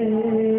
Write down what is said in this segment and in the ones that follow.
mm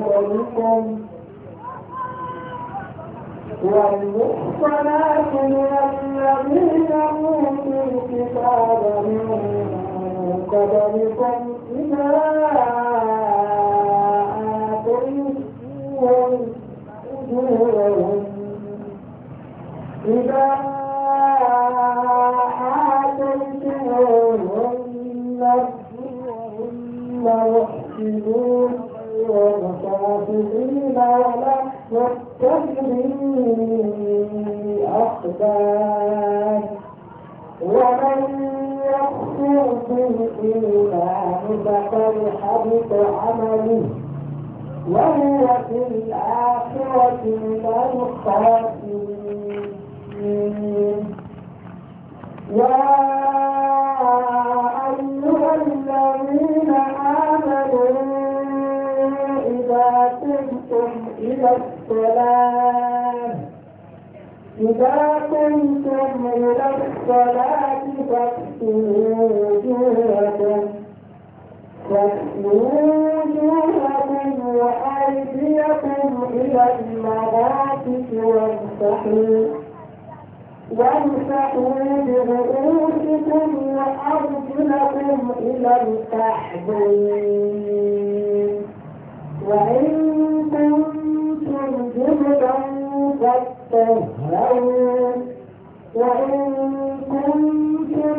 قبلكم والمحصنات من وجوهكم وأيديكم إلى المرافق وامسحوا وامسحوا برؤوسكم وأرجلكم إلى الكعبين وإن كنتم جبلا فاطهروا وإن كنتم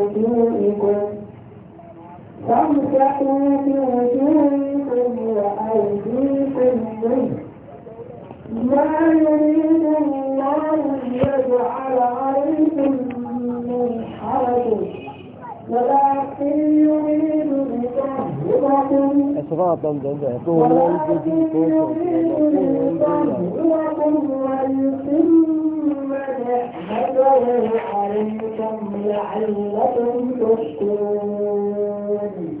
تمسحوا بوجوهكم وأيديكم منه ما يريد الله ليجعل عليكم من حرج ولكن يريد لطهركم ولكن يريد لطهركم ويتم نعمته عليكم لعلكم تشكرون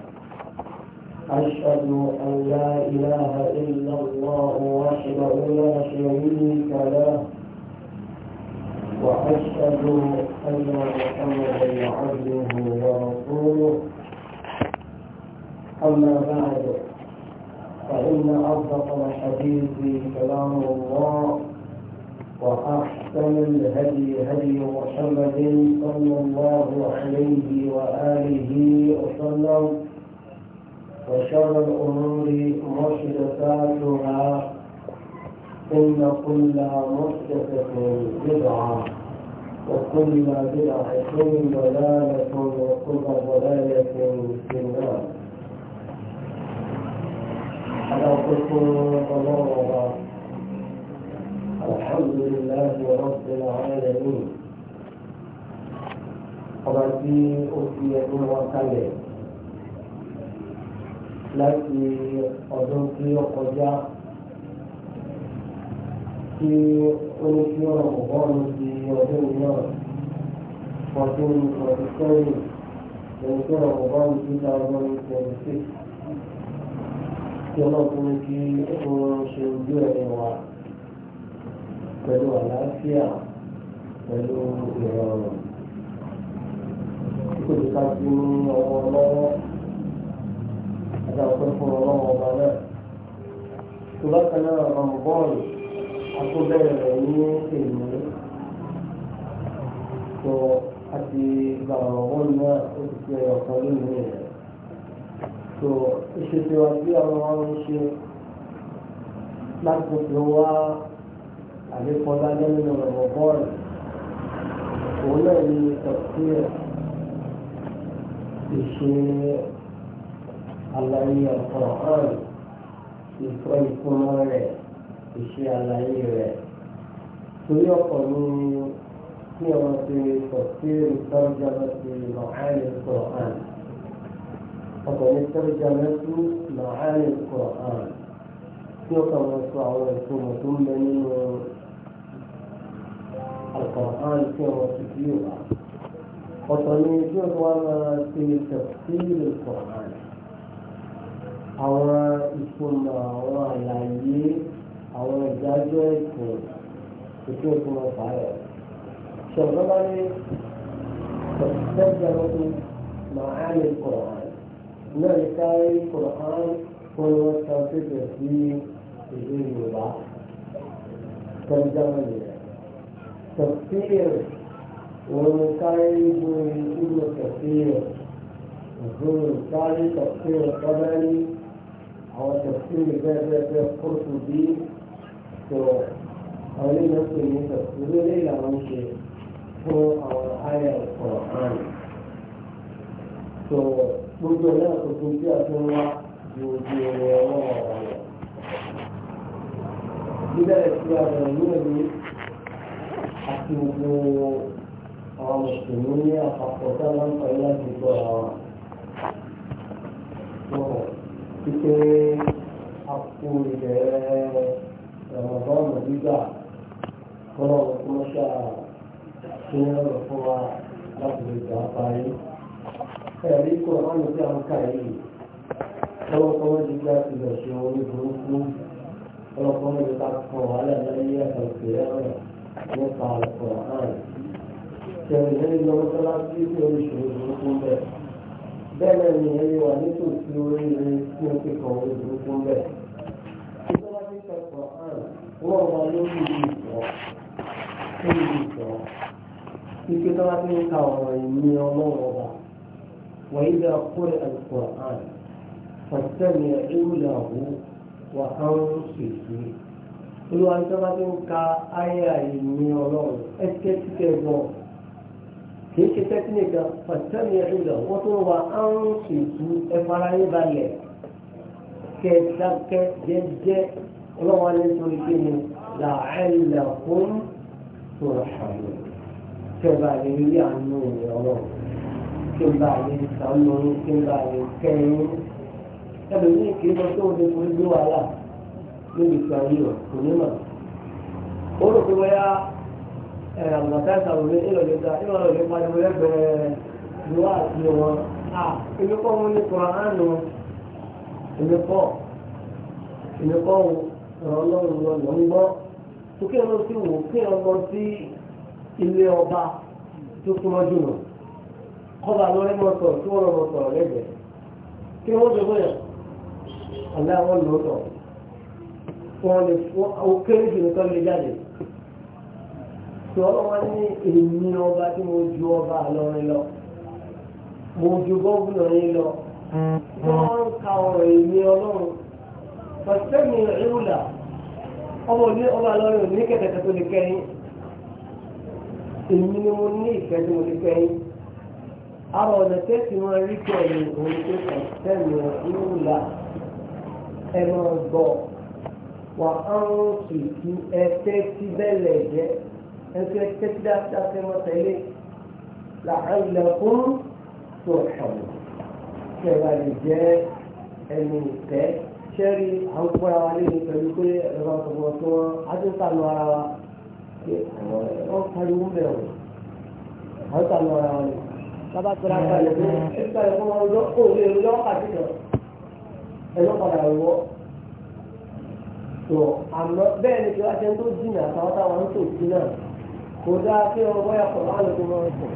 أشهد أن لا إله إلا الله وحده لا شريك له وأشهد أن محمدا عبده ورسوله أما بعد فإن أصدق الحديث كلام الله وأحسن الهدي هدي محمد صلى الله عليه وآله وسلم وشر الأمور محدثاتها إن كل محدثة بدعة وكل بدعة ضلالة وكل ضلالة في النار أنا قلت الحمد لله رب العالمين ọba tí ó fi láti ọdún tí ó kọjá tí ó ní kí ọ̀rọ̀ ọ̀gọ́rùn-ún di ọdún mìíràn fourteen forty seven ẹni tí ọ̀rọ̀ ọ̀gọ́rùn-ún two thousand twenty six tí ọlọ́kùnrin kí ó ṣe ojú ẹ̀rẹ̀ wa pẹ̀lú àlàáfíà pẹ̀lú ìrọ̀rùn. Kí kò ní ká sí ọwọ́ lọ́wọ́ àtàkùnfún ọlọ́run ọba náà. tó bákan náà rọ̀mùbọ́ọ̀lù akóbẹ̀rẹ̀ rẹ̀ ní èmi tó àti gbàrọ̀wọ́n náà ó ti fi ẹ̀yọ̀ kan lónìí rẹ̀. tó ìṣètò àti àwọn ọmọ ń ṣe láti fi wá àlékọ́lá lẹ́nu rọ̀mùbọ́ọ̀lù òun náà ní ìtọ̀síẹ̀ ìṣe àlàyé Al-Qur'an ìfọ ìfúnmọ́ rẹ̀ ìṣe àlàyé rẹ̀ torí ọ̀pọ̀ ní kí ọmọ ti tafsir tarjamati ma'ani Al-Qur'an ọ̀pọ̀ ní tarjamati ma'ani Al-Qur'an tí ó kàn wọ́n sọ àwọn ìtumọ̀ tó ń bẹ nínú Al-Qur'an tí ọmọ ti fi wà ọ̀tọ̀ ní tí ó wá máa ti tafsir Al-Qur'an àwọn ìfúnná àwọn àlàyé àwọn ìdájọ́ ìtàn ètò ìfúnná fàáyọ̀. ṣọ̀gbọ́n bá ní ṣẹ̀ṣẹ̀ lọ́kùn màá ní kọ̀ọ̀án náà ní sáré kọ̀ọ̀án kó ní wọ́n san pépè sí ìlú Yorùbá tẹ́lifíṣàn nìyẹn. tẹ̀síìr òun ní sáré ìlú ìlú tẹ̀síìr òun ní sáré tẹ̀síìr tọ́lẹ́rì àwọn tẹ̀síìr bẹ́ẹ̀ bẹ́ẹ̀ bẹ́ẹ̀ kóòtù bí tó àwọn ilé náà pè ní tẹ̀síìr ilé ìlànà ń ṣe fún àwọn àyà ọ̀rọ̀ hàn. tó gbogbo náà kò tó bí àtúnwá ju ojú ọ̀rọ̀ ọ̀rọ̀ ọ̀rọ̀. bíbẹ̀rẹ̀ sí àwọn ìlú ẹ̀mí àti gbogbo àwọn mùsùlùmí ní àpapọ̀ táwọn ń pẹ̀lú àti gbọ́ àwọn títí àpò ilẹ̀ ramadan gbígbà kọ́nà ọ̀pọ̀lọpọ̀ tí ń rọ̀ fún wa láti lè gbà parí. ẹ̀rí kọ́ ọ̀nà tí a ń kà yìí ọlọ́pọ̀ méjì gbà ti lọ ṣe orí burúkú ọlọ́pọ̀ méjì ká kọ̀ wálẹ̀ lẹ́yìn ẹ̀sán ìpìlẹ̀ rẹ̀ nípa ọ̀pọ̀ àrùn. tẹ̀lé lẹ́yìn lọ́wọ́ sọ́lá sí oríṣiríṣi burúkú bẹ́ẹ̀ bẹ́ẹ̀ náà ni ẹni wà nítòsí orí rẹ̀ tí wọ́n ti kàn wọ́n ìlú fún bẹ́ẹ̀. ìjọba ti sọ pọ̀ hàn wọ́n wà lórí ìlú ìtọ́ lórí ìlú ìtọ́ ike tó bá ti ń ka ọ̀rọ̀ ìní ọlọ́run ọba wọ́n yí bẹ́ẹ̀ kó ẹ̀kọ́ hàn pàṣẹ́mi ẹ̀rúlàwò wà á ń ṣèṣe. olùwàjọba ti ń ka ayé àìní ọlọ́run ẹ̀kẹ́ kìí ṣe tẹ́tí nìkan pàtẹ́mì ẹ̀rọ wọ́n tó wà á ń ṣètú ẹ̀fọ́ra yín balẹ̀ kẹtàkẹ jẹjẹ ọlọ́wọ́ ní torí kí ni làálẹ̀ fún tòròṣàlù kẹba lè rí àánú rẹ ọlọ́run kẹba lè sànú kẹba lè kẹyìn ẹlòmíì kìí lọ tó ní orí gbé wàhálà níbi ìgbà yìí ọ̀ kò ní mọ̀ ó rò pé wọ́n yá. Eh, àgbàtàkà òwe ìrọ̀lẹ́ta ìrọ̀lẹ́ pariwo lẹ́gbẹ̀ẹ́ ìwà àti wọn. èmi kọ́ wọn ní kùránù èmi kọ́ èmi kọ́ ọ̀rọ̀ ọlọ́run lọ lọ ń gbọ́. tó kí ẹran sí wò kí ẹran lọ sí ilé ọba tó súnmọ́ jùlọ. kọ́ba lọ́rẹ́ mọ́ sọ̀rọ̀ tí wọ́n lọ́ sọ̀rọ̀ lẹ́gbẹ̀ẹ́. kí wọ́n jọ bóyá àlẹ́ àwọn lòótọ́ wọn lè fún ó jù nìkan lè jáde tí ọlọ́wọ́ ní èmi ọba tí mo ju ọba àlọ́rin lọ mo ju gọ́ọ̀gùnà yín lọ mm-hmm. wọ́n ń ka ọ̀rọ̀ èmi ọlọ́run pàṣẹ́mi ìrúlà ọmọ ní ọba àlọ́rin ní kẹ̀kẹ́ tó lè kẹ́yìn èmi ni mo ní ìfẹ́ tí mo lè kẹ́yìn àwọn ọ̀nà tẹ́sí wọn rí pẹ̀lú òun tó pàṣẹ́mi ìrúlà ẹ máa wà á ń kìkì ẹ tẹ́tí bẹ́ẹ̀ lẹ̀ jẹ́ ẹ̀fẹ́ tẹ́tí dáadáa fẹ́ mọ́ tẹ́lẹ̀ làálẹ̀kùn tó ṣọ̀rọ̀ ṣe bá lè jẹ́ ẹni ìfẹ́ ṣẹ́rí à ń fọ́ra wa lé pẹ̀lú pé ẹ̀rọ ọ̀sọ̀gbọ̀n tí wọ́n á ti ara wa pé wọ́n pariwo bẹ̀rù à ń sànù ara wa lè. bàbá tó ra balẹ̀ pé ẹ̀ka ẹ̀kọ́ máa ń lọ kó lè lọ́wọ́ àti lọ ẹ̀rọ padà wọ́ tó àmọ́ bẹ́ẹ̀ ni kí wọ́n ṣe ń tó jìnnà àtàwọn táwọn ń tò sí kò dáa pé ọmọ yàtọ̀ láàrín tó máa ń sùn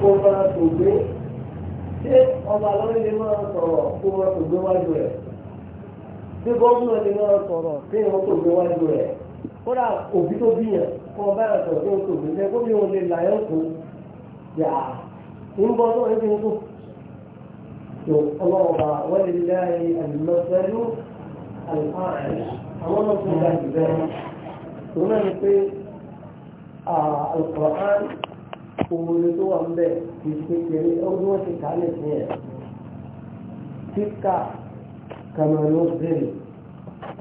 kó máa tò gbé ṣé ọba lórí lè máa sọ̀rọ̀ kó máa tò gbé wájú rẹ̀ ṣé gómìnà lè máa sọ̀rọ̀ kí wọ́n tò gbé wájú rẹ̀ kódà òbí tó bíyàn kó ọba yàtọ̀ tó tò gbé ṣe kó mi ò lè là yẹn kú yà ń bọ́ tó ń fi ń sùn. ọlọ́ọ̀ba wọ́n lè láyé àlùmọ́sẹ́lú àlùfáà àwọn ọmọ tó gbà jù bẹ́ẹ̀ alukur'an òun tó wà ń bẹ̀ kì í ṣe kéré ọdún wọn ti kà á lè fi ẹ̀ kíkà kàmẹ́rún bèrè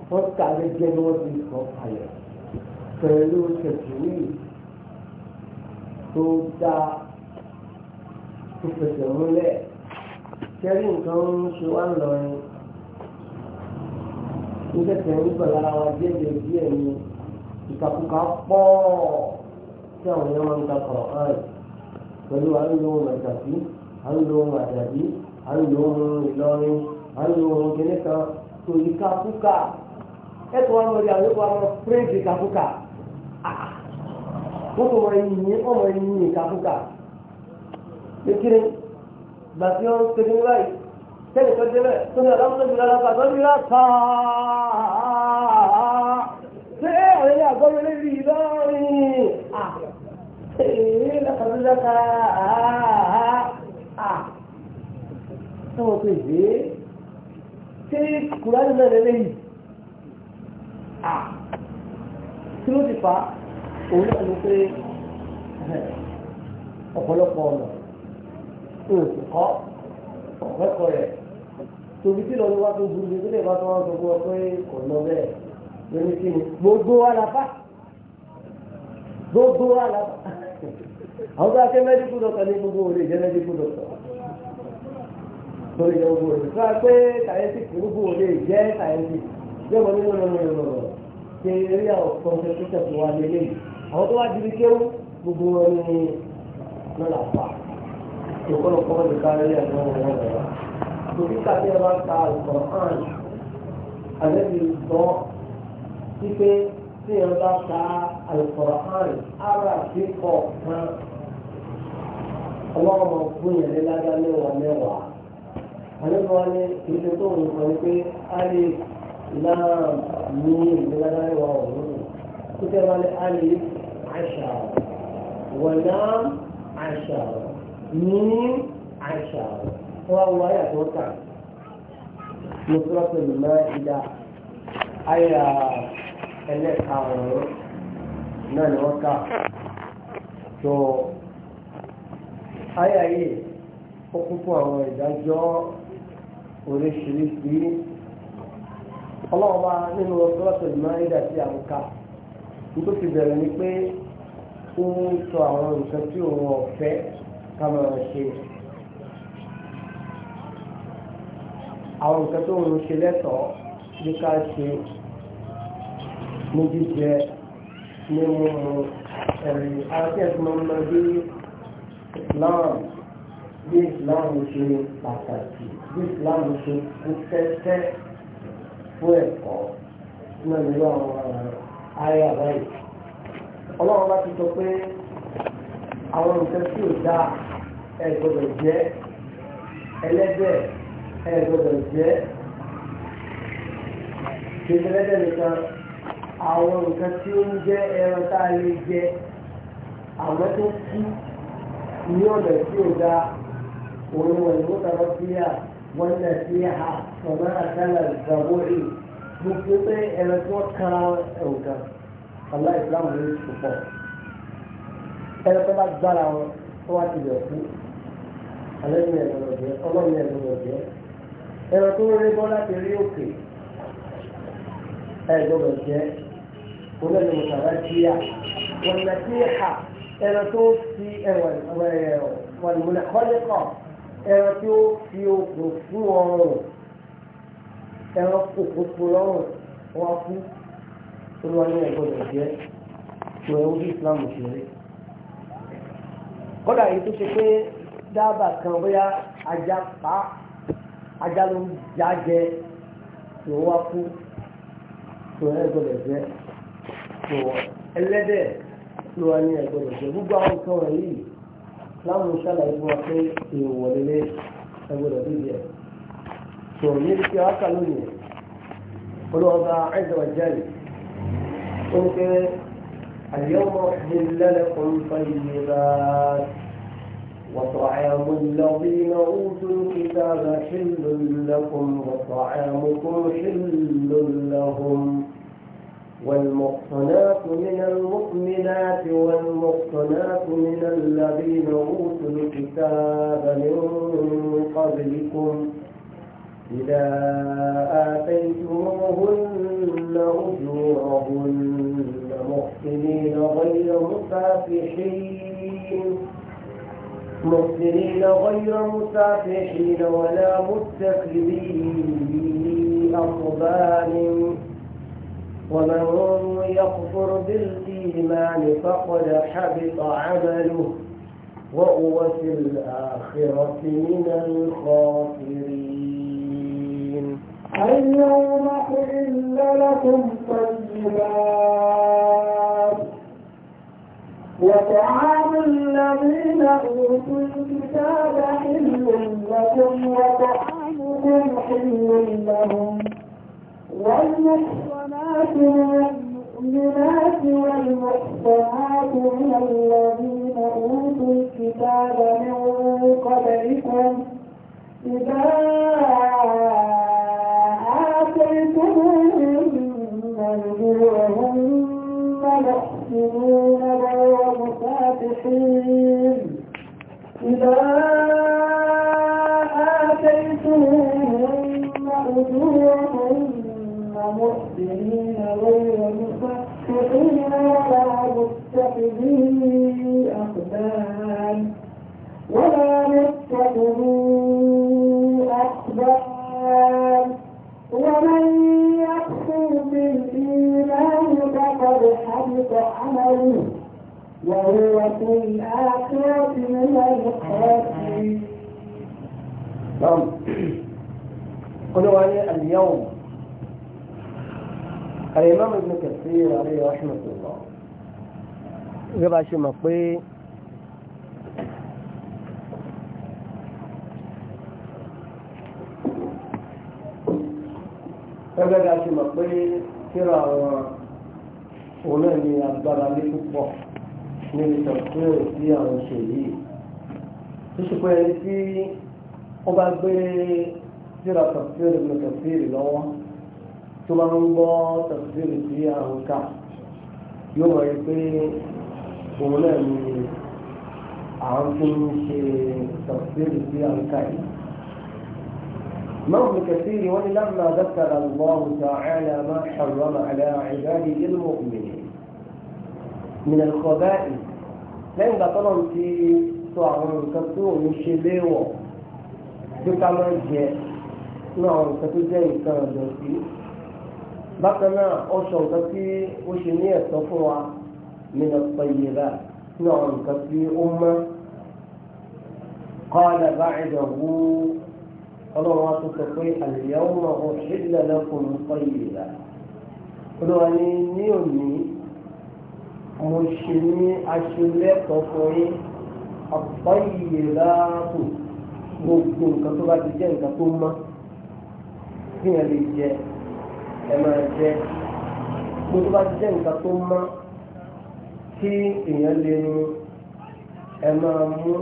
wọ́n kà á lè jẹ́ ní wọ́n ti sọ kalẹ̀ pẹ̀lú tẹ̀síwì tó dáa tó fẹsẹ̀ múlẹ̀ kẹ́rì nǹkan ń ṣe wá lọ́rin ní tẹ̀sẹ̀ ń gbọ̀ lára wa díẹ̀ díẹ̀ ní ìkàkùkà pọ̀ tí àwọn èèyàn máa ń ka kọ̀ ọ́n pẹ̀lú à ń lo ohun àjàkú à ń lo ohun àjàdí à ń lo ohun ìlọrin à ń lo ohun kìnìún kan torí kakúkà ẹ tó wọn lórí àwọn ìwà wọn pírẹ́ǹtì kakúkà wọ́n tó wọ́n yìnyín ọmọ yìnyín kakúkà kékeré gbàtí wọn kékeré báyìí sẹ́yìn tó débẹ̀ tó ní alámúlẹ́bí lára bàtà ní ra ṣé àwọn ilé àgọ́ yẹn lè rí i lọ́rùn èyí lọ́kọ̀ọ́ lọ́kọ̀ àá sọ́wọ́ pé ìwé tí kùránì náà lè léyìí tí ló ti fa òun náà ló pé ọ̀pọ̀lọpọ̀ ọ̀nà òòtù kọ́ ọ̀pẹ́kọ̀ rẹ̀ tòbí tí lọ́dún wá tó burú ní ilé ìbátan wọn sọ fún ọ pé bẹ́ẹ̀ lórí kí ni gbogbo wa la gbogbo wa la àwọn tó ake mẹ́díkù dọ́kítọ̀ ní gbogbo òde jẹ́ mẹ́díkù dọ́kítọ̀ torí gbogbo òde tó a pé scientific gbogbo òde jẹ́ scientific yóò mọ nínú nínú tí ẹ bá ka Al-Qur'an ara fi kọ̀ kan ọlọ́run máa fún yẹn ní ládá mẹ́wàá mẹ́wàá àlejò ni ìṣe tó ń sọ ni pé alẹ́ ìlànà ní ìlú ládá mẹ́wàá ọ̀hún tó tẹ́ wọ́n alẹ́ àṣà wọ̀nà àṣà ní àṣà wọ́n wọ ayé àtúntà ní sọ́kùnrin náà ìdá ayé àṣà ẹlẹ́karùn-ún náà ni wọ́n kà tó ayé ayé ó kún fún àwọn ìdájọ́ oríṣiríṣi ọlọ́ọ̀bá nínú ọ̀sọ́lọ́sọ̀ ìmọ̀-ẹ̀dà tí a ń kà tó ti bẹ̀rẹ̀ ni pé ó ń sọ àwọn nǹkan tí òun ọ̀fẹ́ ká máa ṣe àwọn nǹkan tó ń ṣe lẹ́tọ̀ọ́ bí ká ṣe ní jíjẹ nínú ẹ̀rí akẹ́kọ̀ọ́ Islam bí Islam ṣe pàtàkì bí Islam ṣe kú tẹ́tẹ́ fún ẹ̀kọ́ náà nínú àwọn ayé àbáyé ọlọ́run bá ti sọ pé àwọn nǹkan tí ò dáa ẹ gbọ́dọ̀ jẹ ẹlẹ́dẹ̀ ẹ gbọ́dọ̀ jẹ kí ẹlẹ́dẹ̀ nìkan àwọn nǹkan tí ó ń jẹ́ ẹran tá a lè jẹ àwọn tó kú ní ọ̀nà tí ò dáa òun wọ̀nyí wọ́n tọrọ sí à wọ́n nà sí à ọ̀nà àtàlà ìgbàgbọ́ rè gbogbo pé ẹran tí wọ́n kan ẹ̀wọ̀n ọ̀la ìsìlámù ní ìsopọ̀ ẹran tó bá gbára wọn tó wá ti bẹ̀ kú alẹ́yìn ẹ̀gbọ́dọ̀ jẹ́ ọlọ́run ẹ̀gbọ́dọ̀ jẹ́ ẹran tó rí bọ́ láti rí òkè ẹ̀gbọ́dọ̀ jẹ́ òun ẹni mùsàlá jíyà wọn nà sí ha ẹran tó fi ẹwọn wọn múlẹ kọ́lẹ́kọ̀ ẹran tó fi okùn fún ọrùn ẹran kòkòkò lọ́rùn wọn kú olúwa ní ẹgbọ́dọ̀ jẹ́ tó ẹwú bí Islam ṣeré kọ́dà yìí tó ṣe pé dábàá kan bóyá ajá pa ajá ló ń já jẹ lòun wá kú tó ẹgbọ́dọ̀ jẹ́ tó ẹlẹ́dẹ̀ ló wá ní ẹgbẹ̀rún ṣe gbogbo àwọn nǹkan wọ̀nyí láwọn ṣàlàyé fún wa pé èèwọ̀ lélẹ̀ ẹgbẹ̀rún bíbí ẹ̀ tó ní ti wákà lónìí olóòba ẹ̀dọ̀ ó ń pẹ́ àyẹ̀wò ìlẹ́lẹ̀kùn fàyèbá وطعام الذين أوتوا الكتاب حل لكم وطعامكم حل لهم والمحصنات من المؤمنات والمحصنات من الذين أوتوا الكتاب من قبلكم إذا آتيتموهن أجورهن محسنين غير مسافحين محسنين غير مسافحين ولا متخذين أقبال ومن يكفر بالإيمان فقد حبط عمله وهو في الآخرة من الخاسرين اليوم أحل لكم طيبات وطعام الذين أوتوا الكتاب حل لكم وطعامكم حل لهم والمحصنات والمؤمنات والمؤمنات والمحصنات من الذين أوتوا الكتاب من قبلكم إذا آتيتموهن أجورهن محسنون غير مسافحين إذا مسلمين غير مستحقين ولا متخذي أخبان ولا متخذي أخبان ومن يكفر بالإيمان فقد حبط عمله وهو في الآخرة من الخاسرين. قل ولي اليوم الإمام ابن كثير عليه رحمة الله gbẹ́bà ṣe mọ̀ pé gbẹ́bà ṣe mọ̀ pé kíra àwọn òun náà ní agbára ní púpọ̀ níbi tọ̀kúrò sí àwọn òṣèlú tó ṣe pé ẹni tí ó bá gbé kíra tọ̀kúrò ní kẹfìrì lọ́wọ́ tó bá ń gbọ́ tẹ̀síìrì sí àrùn ká yóò mọ̀ rí pé òun náà ni àwọn tó ń ṣe tẹ̀síìrì sí àrùn ká yìí. موت كثير ولما ذكر الله تعالى ما حرم على عباده المؤمنين من الخبائث لأن بطلهم في صعب الكتور يشبهوا بكما جاء نعم كتجاي كان دوسي bákan náà ó sọ nǹkan tí ó ṣe ní ẹ̀tọ́ fún wa nínú pẹ̀yẹ̀dà ní àwọn nǹkan tí ó mọ́ kọ́lá báyìí wú ọlọ́run á tún sọ pé àlùyáwó máa ń ṣílẹ̀ lẹ́kùnrin pẹ̀yẹ̀dà olúwa ní ní òní mo ṣe ní aṣọlẹ́kọ̀ọ́ fún yín ọ̀pọ̀ ìyẹ̀dáàbò gbogbo nǹkan tó bá ti jẹ́ nǹkan tó mọ́ kí ẹ lè jẹ ẹ máa jẹ mo tó bá ti jẹ́ nǹkan tó mọ́ kí èèyàn lè nu ẹ máa mú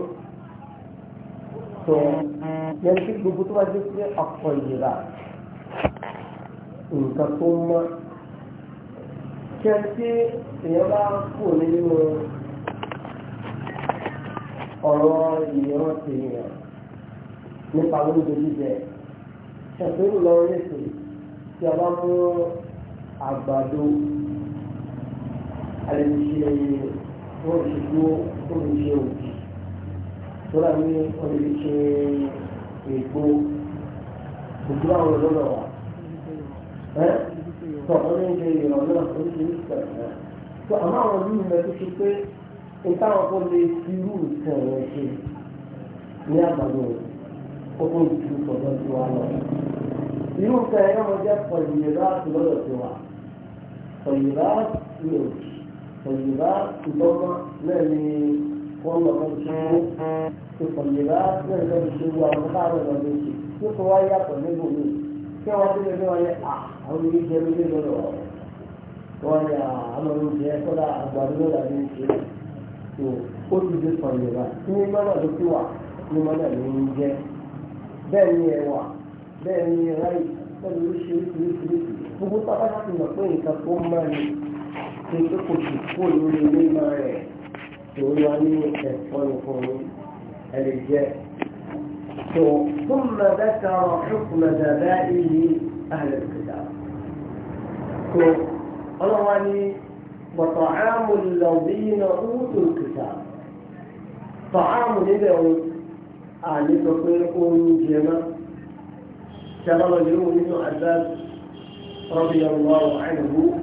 tó yẹn kí gbogbo tó bá jẹ́ pé ọ̀pọ̀ ìlera nǹkan tó mọ́ kí ẹ tí èèyàn bá kù nínú ọ̀rọ̀ ìran tèèyàn nípa oúnjẹ jíjẹ ṣàtúnú lọ orí ètò yìí tí a bá mú àgbàdo àlejò wọn ti dúró olùṣe òbí tó rà ní olùṣe ègbó òkú àwọn olóòlò wa tó àwọn oníṣe ìrànlọ́ oríṣiríṣi pẹ̀lú tó àmọ́ àwọn ọdún mi tó ṣe pé nǹkan àwọn kan lè fi irú nǹkan rẹ̀ ṣe ní àgbàdo ó kó ìdúró sọ̀rọ̀ sí lọ irú nǹkan ẹ̀yọ́ wọn jẹ́ pọ̀lìyìnbá lọ́dọ̀ tó wà pọ̀lìyìnbá lò pọ̀lìyìnbá lọ́gbọ́n náà ni wọ́n lọ fẹ́ ṣe wọ́n tó pọ̀lìyìnbá náà lọ́ fi ṣe wọ́n àwọn káàrọ̀ lọ́ fi ṣe tó kọ́ wá yàtọ̀ níbo mi kí wọ́n ti lè wọ́n yẹ à àwọn ilé jẹ́ lóde lọ́dọ̀ wọ́n yà àwọn olùjẹ́ kọ́dà àgbàdo lọ́dà ní ṣe tó ó ti di pọ̀lìyìnbá ní mọ́nà ló ti wà ní mọ́nà ló ń jẹ́ bẹ́ẹ̀ ni ẹ̀wà bẹ́ẹ̀ ni ráì bẹ́ẹ̀ ni oríṣiríṣiríṣi gbogbo tábà ti mọ̀ pé nǹkan tó máa ní ṣe pé kò sì kó lórí mímọ rẹ̀ tòun wá ní ẹ̀fọ́ nìkan ní ẹ̀rẹ̀ jẹ́. ثم ذكر حكم ذبائه أهل الكتاب ọlọ́wọ́ ni bọ̀tọ̀áàmù lọ́bí iná oúnjẹ òkúta tọ̀áàmù níbẹ̀ ohun àníkọ̀ pé oúnjẹ máa شغل اليوم بن عباس رضي الله عنه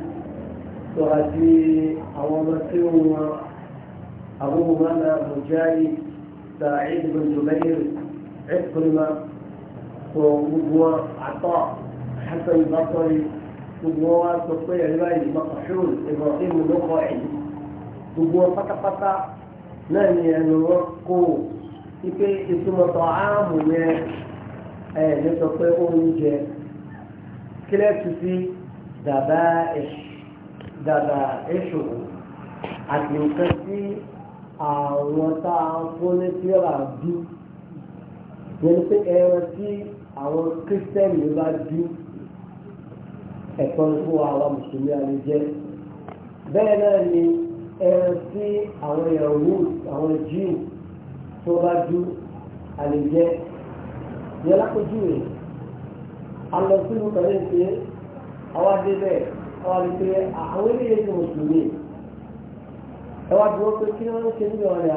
تؤتي عوامته أبو مانا مجاهد سعيد بن جبير عكرمة وأبو عطاء حسن البصري أبو تطيع الوالد مقحول إبراهيم النخعي أبو فتا فتا ناني أن يوقو إيه إسم طعام ẹ lè sọ pé oúnjẹ kílẹ̀tù sí dàbà ẹ̀ṣòwò àti nǹkan tí àwọn tá a fún ní tíra bí yẹn pé ẹran tí àwọn kírísítẹ́nì bá bí ẹ̀tọ́ fún àwa mùsùlùmí àlè bẹ́ẹ̀ náà ni ẹran tí àwọn yahoo àwọn jíù tó bá bí àlè yẹ lápẹjúwe alọ sínú kẹrẹ ń ṣe àwa dé bẹ́ẹ̀ àwa rí pé àwọn eléyè ti mùsùlùmí ẹ wá dúró pé kí wọn ṣe níbi ọ̀rẹ́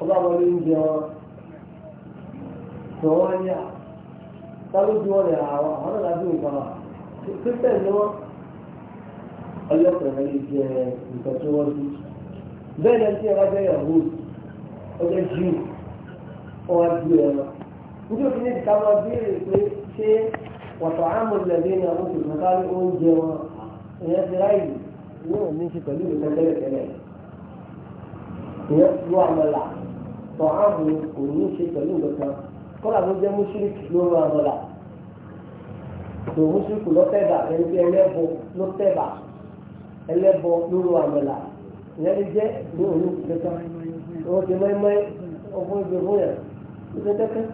ọba wọlé ń jẹun tó wọn ní à sálójú ọ̀rẹ́ àwọn àwọn náà lájú nǹkan wa kírísítẹnì ni wọn ọjọ́ jù ọwọ́ ju ẹ̀rọ. nítorí òfin níbi ká máa béèrè pé ṣé wọ̀tọ̀ àmọ̀ ìlẹ̀lẹ́ ni àwọn òṣèlú ká ní oúnjẹ wọn ìyẹn ti ráìlì yóò ní ṣe pẹ̀lú ìlú tẹ́lẹ̀tẹ́lẹ̀. ìyẹn ló àmọ̀là tọ̀ àmọ̀ kò ní ṣe pẹ̀lú ìlú kan kọ́lá ló jẹ́ mùsùlùmí ló ń àmọ̀là tò mùsùlùmí ló ẹni ẹlẹ́bọ ló ẹlẹ́bọ ló ń àmọ̀là ìyẹn ló jẹ́ ní òun kẹta wọ́n ti mẹ́mẹ́ ọgbọ́n ìgbè fún yà lọ́dẹ́dẹ́kẹ́.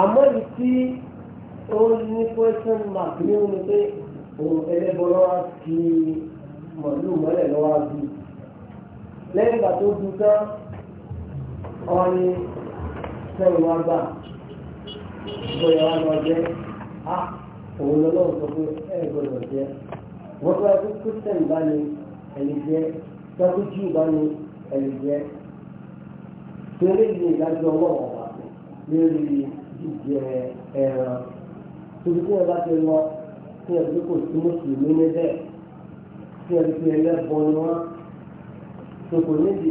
àmọ́ yìí tí ó ní question mark nínú ni pé òun ẹlẹ́bọ lọ́wọ́ kí mọ̀lú mọ́lẹ̀ lọ́wọ́ bí. lẹ́yìn ìgbà tó dùn tán ọ̀ni sẹ́yìn wá gbà bóyá wá lọ jẹ́ á òun lọ́wọ́ sọ pé ẹ̀ gbọ́dọ̀ jẹ́ wọ́n fẹ́ kó kírísítẹ̀nì bá ní ẹ̀lì jẹ́ tọ́kú jù bá ní ẹ̀lì jẹ́. Tẹ̀lé ní ìdájọ́ ọlọ́wọ́ wa lórí jíjẹ ẹran. Tóbi tí wọ́n bá ti lọ sí ẹbí kò sí mùsùlùmí níbẹ̀ sí ẹbí tí ẹlẹ́bọ ni wọ́n tó kò níbi.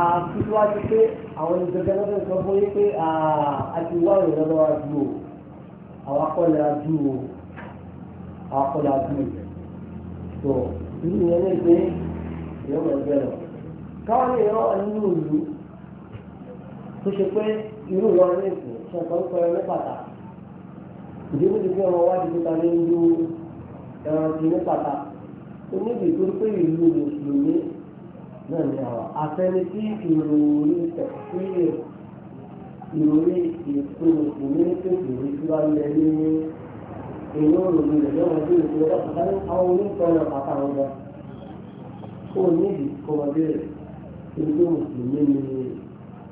Àfiwájú pé àwọn ìjọba ẹgbẹ́ sọ fún yín pé a ti wá ìrìn lọ́wọ́ àdúgbò àwọn akọ́lẹ̀ àdúgbò àwọn akọ́lẹ̀ àdúgbò. Tó ìlú yẹn ní pé ìyọ́mọ̀ ẹgbẹ́ lọ. Káwọn ní ìrọ̀ nínú ìlú tó ṣe pé irú wọn ní ìsìn ṣẹ̀tọ́ ń pẹ̀rẹ̀ ní pàtàkì ìdí mi ti fi ọmọ wá dìbò ta ní ìlú ẹran ti ní pàtàkì oníbi tó pé ìlú mùsùlùmí náà ní àwọn afẹ́ni tí ìròrí tẹ̀síyè ìròrí ìpè mùsùlùmí ní pèsè ìròrí tí wọ́n lẹ ní inú òròrí rẹ̀ lọ́wọ́ bí ìṣòro ọ̀pọ̀ta ní àwọn onífẹ́ràn pàtàkì wọn. ó kọ́mọdé ìlú mùsùlùmí ni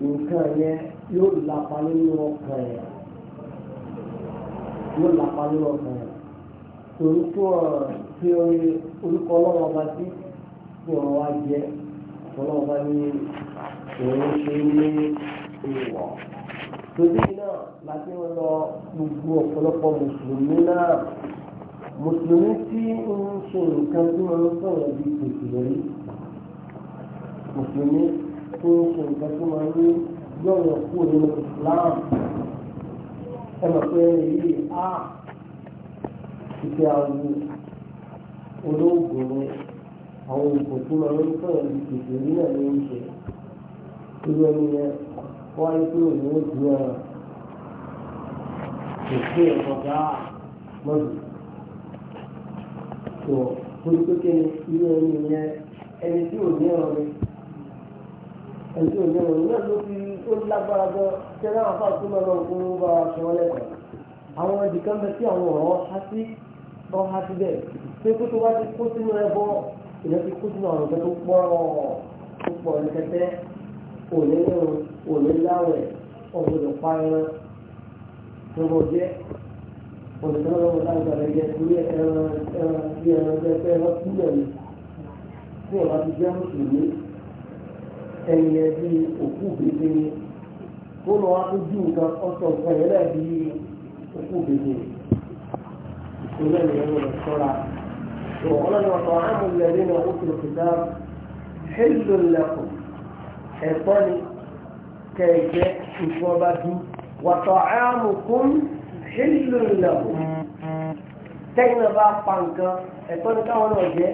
nǹkan yẹn yóò lapa nínú ọkàn yẹn yóò lapa nínú ọkàn yẹn torí tó ọ̀rọ̀ tí orúkọ ọlọ́wọ́ bá sí kí ọ̀rọ̀ wá jẹ ọlọ́wọ́ bá ní òun ṣe ní ìwọ̀ torí náà láti ń lọ gbogbo ọ̀pọ̀lọpọ̀ mùsùlùmí náà mùsùlùmí tí ń ṣe nǹkan tí wọ́n ń sọ̀rọ̀ bíi kòkòrò yìí mùsùlùmí tó ṣe nǹkan tó máa ń yọ̀yọ̀ kú nínú Islam ẹ mọ̀ pé èyí á ìfẹ́ àwọn olóògùn ni àwọn òògùn tó máa ń sọ̀rọ̀ ìdìbò nílẹ̀ ló ń ṣe irú ẹni yẹn wáyé kúrò ní ojú ẹran kò sí ẹ̀kọ́dá mọ́tò tó kúrú pé kí ni ẹni yẹn ẹni tí ò ní ọ̀rọ̀ mi ẹ̀sìn òní ọ̀rọ̀ náà ló fi ó lágbára gan ṣe náà fà tó máa lọ kó bá aṣọ lẹ́kọ̀ọ́ àwọn ẹbí kan bẹ sí àwọn ọ̀rọ̀ há sí ọ há sí bẹ́ẹ̀ pé kó tó bá ti kó sínú ẹbọ ìyẹn ti kó sínú àrùn tó pọ̀ tó pọ̀ rẹpẹtẹ òní rún òní láwẹ̀ ọ̀gbọ̀dọ̀ pa ẹran tó bọ̀ jẹ́ òṣìṣẹ́ ọlọ́run lágbàdo yẹ jẹ́ ẹ̀yìn ẹ̀ bí òkú bèbè kó lọ wá tó ju nǹkan ọ̀sọ̀ nǹkan yẹn náà bí òkú bèbè ìṣòro ẹ̀yìn ẹ̀ lọ sọ́ra. وقال وطعام الذين اوتوا الكتاب حل لكم ẹ̀tọ́ni kẹ̀kẹ́ ìfọba bí wàtọ̀ àmùkún hìlùlẹ̀kù tẹ́yìnà bá pa nǹkan ẹ̀tọ́ni káwọn náà jẹ́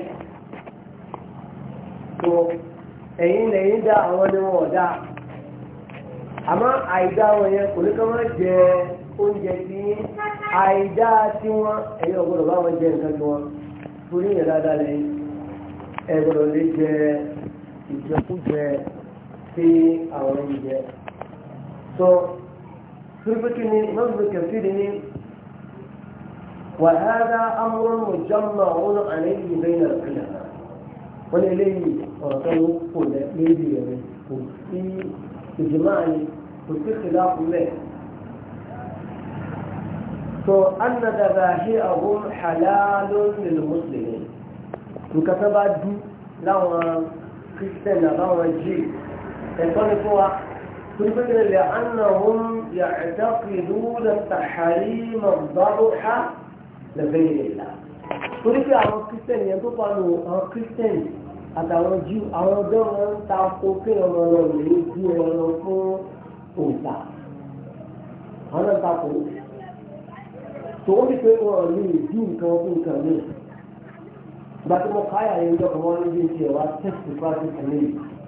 tó ẹ̀yin lẹ́yìn dá àwọn ni wọn dá àmọ́ àìdá wọn yẹn kò ní ká máa jẹ oúnjẹ tí àìdá tí wọn ẹ̀yin ọ̀gbọ́dọ̀ bá wọn jẹ nǹkan tí wọn torí yẹn dáadáa lẹ́yìn ẹ̀gbọ́dọ̀ lè jẹ ìjẹkújẹ sí àwọn oúnjẹ tó turbiki ni mọ́tò kẹfìrì ni wàhálà amúrún mùjọ́mọ̀ ọ̀hún àlẹ́ ọ̀rọ̀ tó ń kò lẹ́ lórí rẹ̀ kò sí ìjìmá yìí kò sí ìṣẹ̀lá kúlẹ̀. tó anadada ṣe àwọn haláló nínú mùsùlùmí nǹkan tó bá dú láwọn kristian àbáwọn jíì ẹ̀tọ́ ni fún wa torí pé kíni lè anahun yàtàkìlú lè tàhárí mọ̀gbárùhá lè torí pé àwọn kristian yẹn tó bá lò àwọn kristian àtàwọn jù àwọn ọjọ́ wọn ń ta ko kí ọmọ lọ lè ju ẹran fún òòtà àwọn náà ń ta ko tòun ti pé wọn lè ju nǹkan fún nǹkan mi ìgbà tí mo káyà yẹn jọ kàn wọ́n ní bí ti ẹ̀wá tẹ́sítì pàtíkà mi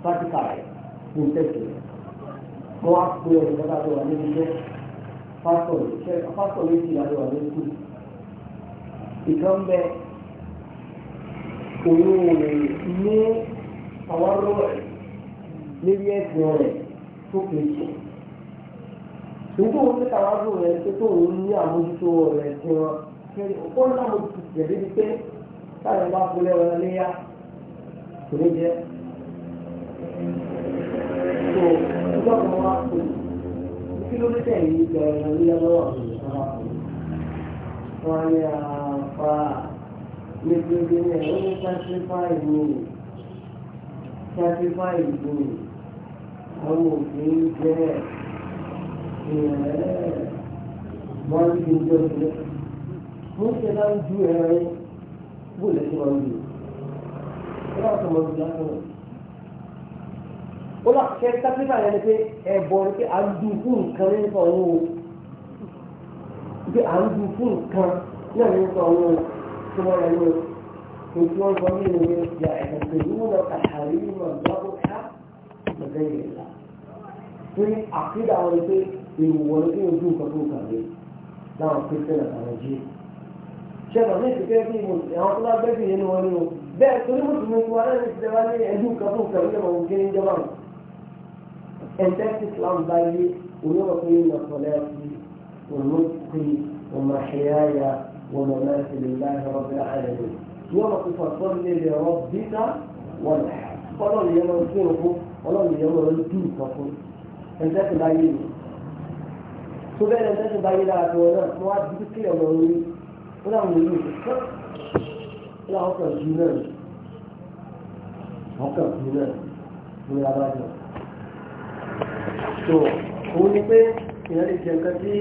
pàtíkà rẹ̀ ní tẹ́sítì mo wá pé ọ̀rọ̀ ìjọba tó wà níbi iṣẹ́ pásítọ̀ pásítọ̀ méjì láti wà ní kú ìkan bẹ́ẹ̀ òun mú àwọn ọlọ́wọ́ rẹ̀ lórí ẹ̀sìn rẹ̀ tó kejì. Ṣùgbọ́n òun ti tàwọn ọdún rẹ̀ tó tó òun ní àmójútó rẹ̀ sí wọn. Ó ní àmójútó jẹ̀bi ni pé táwọn bá fún lẹ́wọ̀n léyà kò ní jẹ́. Tó ìjọba kan wá pè é kí ló dé tẹ̀yìn ìjọba ìrànlọ́wọ́ àwọn ìjọba kan. Wọ́n á ní àpá. Ah, gbẹgbẹgbẹ náà ó ní sacrifice ni sacrifice ni àwọn òfin jẹ wọn ti jọ sílẹ wọn ṣe bá ń ju ẹran yẹn bó lè ṣe wọn lò ó yà sọmọ ìgbà náà ó lọ kẹ sacrifice yẹn ni pé ẹbọ ni pé à nǹkan ní sọ wọn o pé à ń du fún nǹkan náà o. ثم يقول يكون ضمير يعتقدون تحريم الذبح لغير الله في عقيدة عربية يولدين وجوه كتوكا به لا كتنا كنجي شبه ليس كيفي يعني الله بيبي ينوانيو بيع كل مسلم وانا نستواني عندهم كتوكا به ممكن ينجبان انت الاسلام بالي ونرى قيمة صلاتي ونطقي ومحياي وممات لله رب العالمين يوم تفضل لربك والحق ọlọ́run yẹn lọ sí òkú ọlọ́run yẹn lọ sí nǹkan fún ẹ̀ńtẹ́ ti báyé ni tó bẹ́ẹ̀ ẹ̀ńtẹ́ ti báyé lára tó náà wọ́n á dúdú kí ọmọ orí ó láwọn olú ìfẹ́ ó láwọn kan jù náà wọ́n kan jù náà ní abájọ. tó òun ni pé ìyẹn lè jẹ nǹkan tí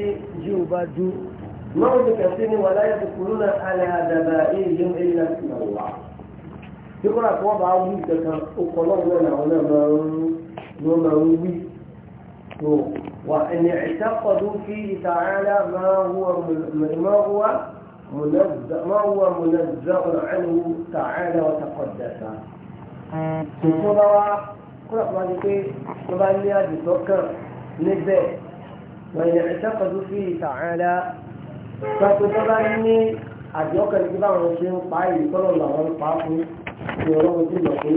yóò bá dún. نعم كثير ولا يدخلون على دبائرهم إلا اسم الله يقول لك وضع وي كان أقلوا لنا ولا وي وأن اعتقدوا فيه تعالى ما هو ما هو منزه ما هو منزه عنه تعالى وتقدس. تقول kúrò fún wájú pé tó bá ní àdìsọ́kàn níbẹ̀ wọ́n yẹ ìtẹ́kọ̀ọ́dún fi ta'ala tọ́pẹ́ tó bá ní àjọkẹ́lẹ́ tí báwọn ṣe ń pa èyí tọ́lọ̀ làwọn pa fún ní ọlọ́run tí lọ pé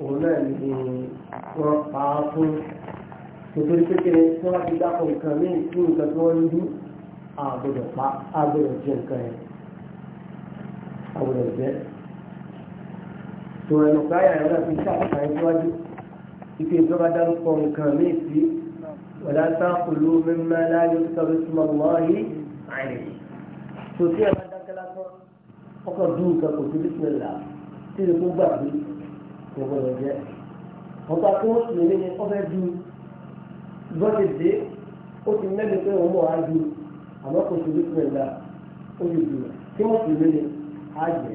òun náà ní wọ́n pa fún nítorí kékeré tí wọ́n ti dákọ̀ nǹkan ní ìtú nǹkan tí wọ́n ń dú àgbọ̀dọ̀ pa àgbọ̀dọ̀ jẹ nǹkan yẹn àgbọ̀dọ̀ jẹ tó ẹnu káyà ẹ̀rọ náà fi ṣàkóso síwájú ike ìjọba dárúkọ nǹkan ní ìtú wọ̀dá sáà pẹ̀lú mímọ́ láyé àìní tòtí ẹ̀ máa dákẹ́ lásán ọkọ̀ dùn nǹkan kò sí bísí ńlá tí ìlú kó gbà bí kò gbọdọ̀ jẹ́ ọ̀pá tó ń sùn ní ọ̀fẹ́ du bọ́ọ̀dì dé ó ti mẹ́bi pé òun bọ̀ á du àmọ́ kò sí bísí ńlá ó ti du tí wọ́n sì lé ní àjẹ́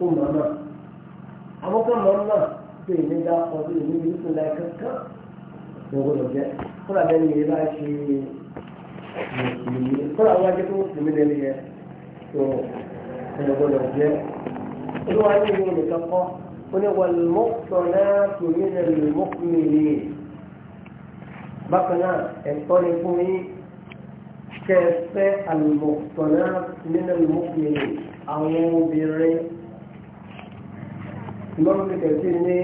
ó mọ̀ náà àmọ́ pé ìní dá ọdún ìní bísí ńlá kankan kò gbọdọ̀ jẹ́ fúnra bẹ́ẹ̀ ni ìyẹn bá ṣe é mùsùlùmí fún àwọn ajé tó mùsùlùmí lẹ́nu yẹn tó ẹ̀rọ gbọ́dọ̀ jẹ́ olúwa ní ìwé nìkan kọ́ ó ní wọ́n mọ́tọ́lá tòmí lẹ́nu mọ́kùnrin bákan náà ẹ̀tọ́ ni fún yín kẹfẹ́ àlùmọ̀tọ́lá tòmí lẹ́nu mọ́kùnrin àwọn obìnrin lọ́nà kẹ̀kẹ́ ní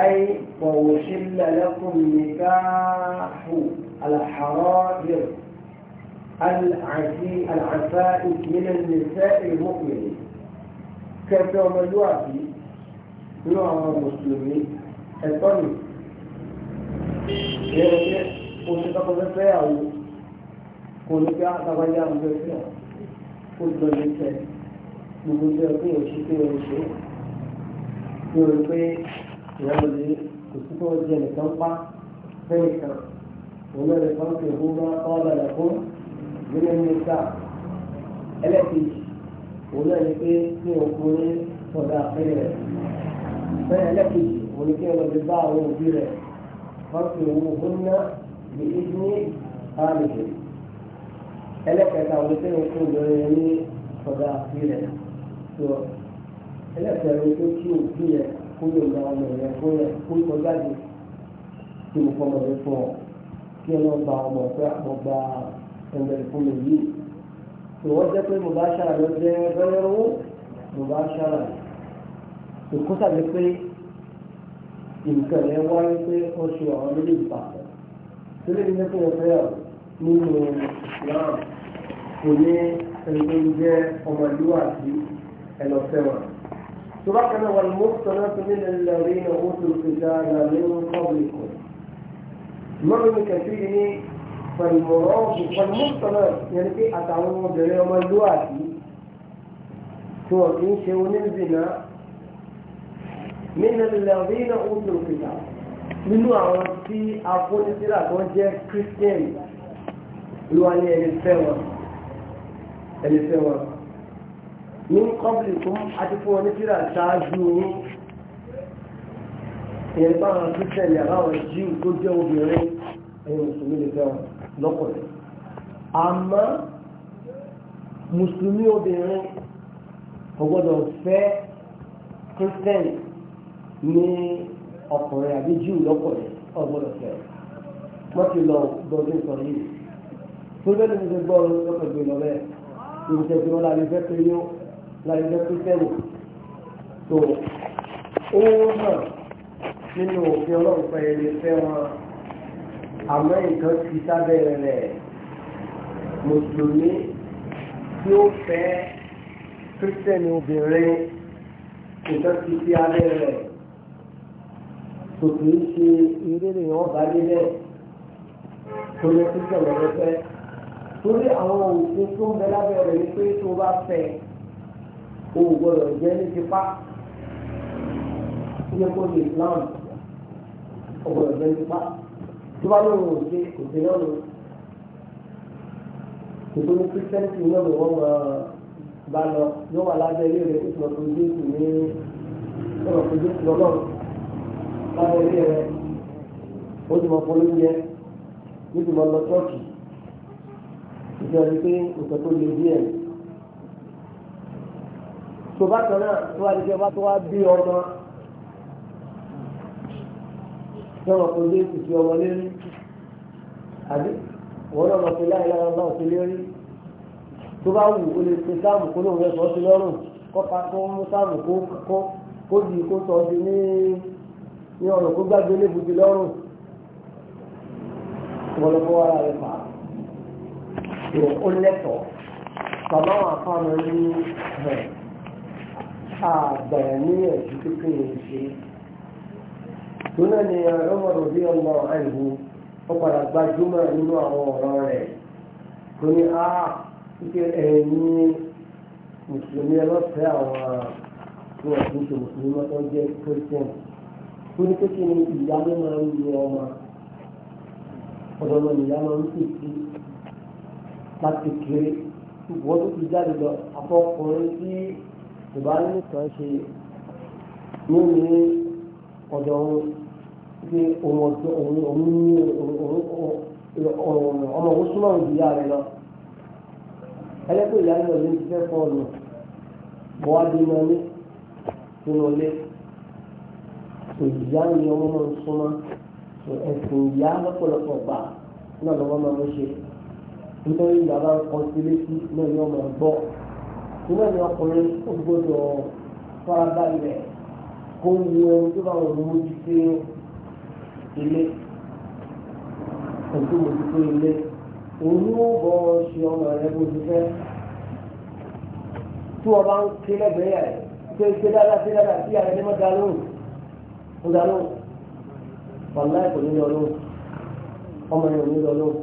ayé wọ̀wọ̀ sílẹ̀ lẹ́kùn nìkan hù àlàhàrọ̀ yẹ̀rù. العفاء من النساء المؤمن كيف يوم الوافي نوع المسلمين ẹ̀tọ́nì ìyẹn pé oṣù tọkọtẹ fẹ́yàwó kò ní pé àtàwáyé àwùjọ sí ọ kó lọ lè tẹ gbogbo tí ọ pé oṣù tí o ṣe tí o rí pé ìyàwó lè kò sí tó jẹ nìkan pa fẹ́yìntàn òun náà lè fọ́n pé òun bá ọ́ lọ́dà fún nínú nípa ẹlẹ́kejì òun náà ni pé kí ọkùnrin sọ̀dọ̀ àfẹ́rẹ́ rẹ̀ bẹ́ẹ̀ ẹlẹ́kejì òun ni kí ọlọ́dẹ bá àwọn òbí rẹ̀ wọ́n fi owó òun ná lè ní àlejò ẹlẹ́kẹta òun kí ọkùnrin lọ́rẹ́ ní sọ̀dọ̀ àfẹ́rẹ́ tó ẹlẹ́kẹrin tó kí òbí rẹ̀ kó lè gba ọmọ rẹ̀ kó rẹ̀ kó kọjá di kí mo fọmọ rẹ̀ fún ọ kí ọlọ́gba ọmọ rẹ̀ àpọ̀ gba ẹ̀ńdẹ̀kùnrin yìí tòwọ́ jẹ́ pé mubashara ló jẹ́ bẹ́ẹ̀rù mubashara ìkúta ni pé nǹkan yẹn wáyé pé ó ṣe àwọn lórí ìpàkọ́ tó lè ní pé wọ́n fẹ́ nínú náà kò ní ẹni jẹ́ ọmọlúwàbí ẹlọ́fẹ́ wọn. تبقنا والمحصنات من الذين أوتوا الكتاب من قبلكم. مرة كثير fẹ̀lùmọ̀rọ̀ fẹ̀lùmọ̀tọ̀nà yẹn pé àtàwọn obìnrin ọmọ lúwàbí tí wọ́n kì í ṣe oníṣìnà nínú ìlànà iná oúnjẹ òkèlà nínú àwọn tí afọ́nisílà tó jẹ́ christian ló wà ní ẹni fẹ́ wọn ẹni fẹ́ wọn ní kọ́bìlì fún àti fún oníṣìlà ṣáájú yín ìyẹn bá àwọn christian yàrá àwọn jíù tó jẹ́ obìnrin ẹni mùsùlùmí lè fẹ́ wọn lọ́kùnrin àmọ́ mùsùlùmí obìnrin kò gbọ́dọ̀ fẹ́ christian ní ọkùnrin àbí jù lọ́kùnrin kò gbọ́dọ̀ fẹ́ wọ́n ti lọ gbọ́dọ̀ sọ yìí tó bẹ́ẹ̀ ni mo ti gbọ́ lọ́kọ̀ gbé lọ bẹ́ẹ̀ ìrìnsẹ̀ tí wọ́n láyé fẹ́ pé yóò láyé fẹ́ christian tó ó hàn nínú òfin ọlọ́run pẹ̀lú ìfẹ́ wọn àmọ́ nǹkan ti sábẹ́ rẹ̀ mùsùlùmí tí ó fẹ́ kírísítẹ́nì obìnrin nǹkan ti sí abẹ́ rẹ̀ kò kì í ṣe eré lèyàn ọba délẹ̀ tó lè kírísítẹ́nì ọ̀rẹ́fẹ́ torí àwọn òfin tó ń bẹ lábẹ́ rẹ̀ ni pé tó bá fẹ́ o gbọ́dọ̀ jẹ́ ní tipa ó kó ní Islam ó gbọ́dọ̀ jẹ́ ní tipa tó bá lóun ò ṣe kò ṣe náà lò nítorí ní kírísítẹ́ǹtì náà ló wọ́n máa bá lọ yóò wà lábẹ́ ilé rẹ̀ kó tó jésù ní ọ̀rọ̀ tó jésù lọ́lọ́run lábẹ́ ilé rẹ̀ ó ti mọ polóúnjẹ ó ti mọ lọ tọ́ọ̀kì ìjọba pé nǹkan tó le díẹ̀ tó bá kan náà tó wà ní ìjọba tó wá bí ọmọ sọ̀rọ̀ kò dé ìtìtì ọmọ lérí àbí wọ́n náà lọ́ọ́ fi láìlára náà ti lérí tó bá wù ó lè pe sáàmù kó lóun ẹ̀fọ́ sí lọ́rùn kọ́pa tó ń mú sáàmù kó di kó sọ di ní ní ọ̀rọ̀ kó gbàgbé lébùdí lọ́rùn wọ́n lọ́ọ́ fọwọ́ ara rẹ̀ fà ó lẹ́tọ̀ọ́ bàbá wọn àfààní ní àgbà ní ẹ̀jú kékeré ṣe tó náà ni Umar radiyallahu anhu ó padà gbajúmọ̀ nínú àwọn ọ̀rọ̀ rẹ̀ tó ní á kíkẹ́ ẹ̀yìn mùsùlùmí ẹlọ́fẹ̀ẹ́ àwọn tí wọ́n ti ń ṣe mùsùlùmí mọ́tọ́ jẹ́ christian tó ní kékeré ní ìyá ló máa ń lo ọmọ ọ̀dọ́ lọ nìyá máa ń sì sí láti kéré wọ́n tó ti jáde lọ afọkùnrin tí ìbáraẹnìkan ṣe ní ní ọ̀dọ̀ wọn pé òun ọ̀dọ́ òun òun ní ọmọ òun súnmọ́ òun ìyá rẹ̀ lọ. ẹlẹ́pẹ́ ìyá rẹ̀ ló ti fẹ́ fọ́ ọ̀nà bọ́ adé náà ní nínú ilé. ìyá ni ọmọ máa ń súnmọ́ ẹ̀sìn ìyá lọ́pọ̀lọpọ̀ gbà náà lọ́wọ́ máa ń ṣe nítorí bàbá ń kọ́ sí létí náà ni ọmọ gbọ́ ìwé ni ọkùnrin ó gbọ́dọ̀ farabalẹ̀ kó wu ẹni tó bá wọn lójú sí ilé ojú mojútó ilé olúbọ ṣe ọmọ rẹ bójú fẹ́ tí wọn bá ń ké lẹ́gbẹ̀ẹ́ yà pé ṣé dáadáa ṣé dáadáa sí ààrẹ ní mọdà lóhùn mọdà lóhùn wàlá ẹ̀kọ́ ní lọ lóhùn ọmọ yẹn ò ní lọ lóhùn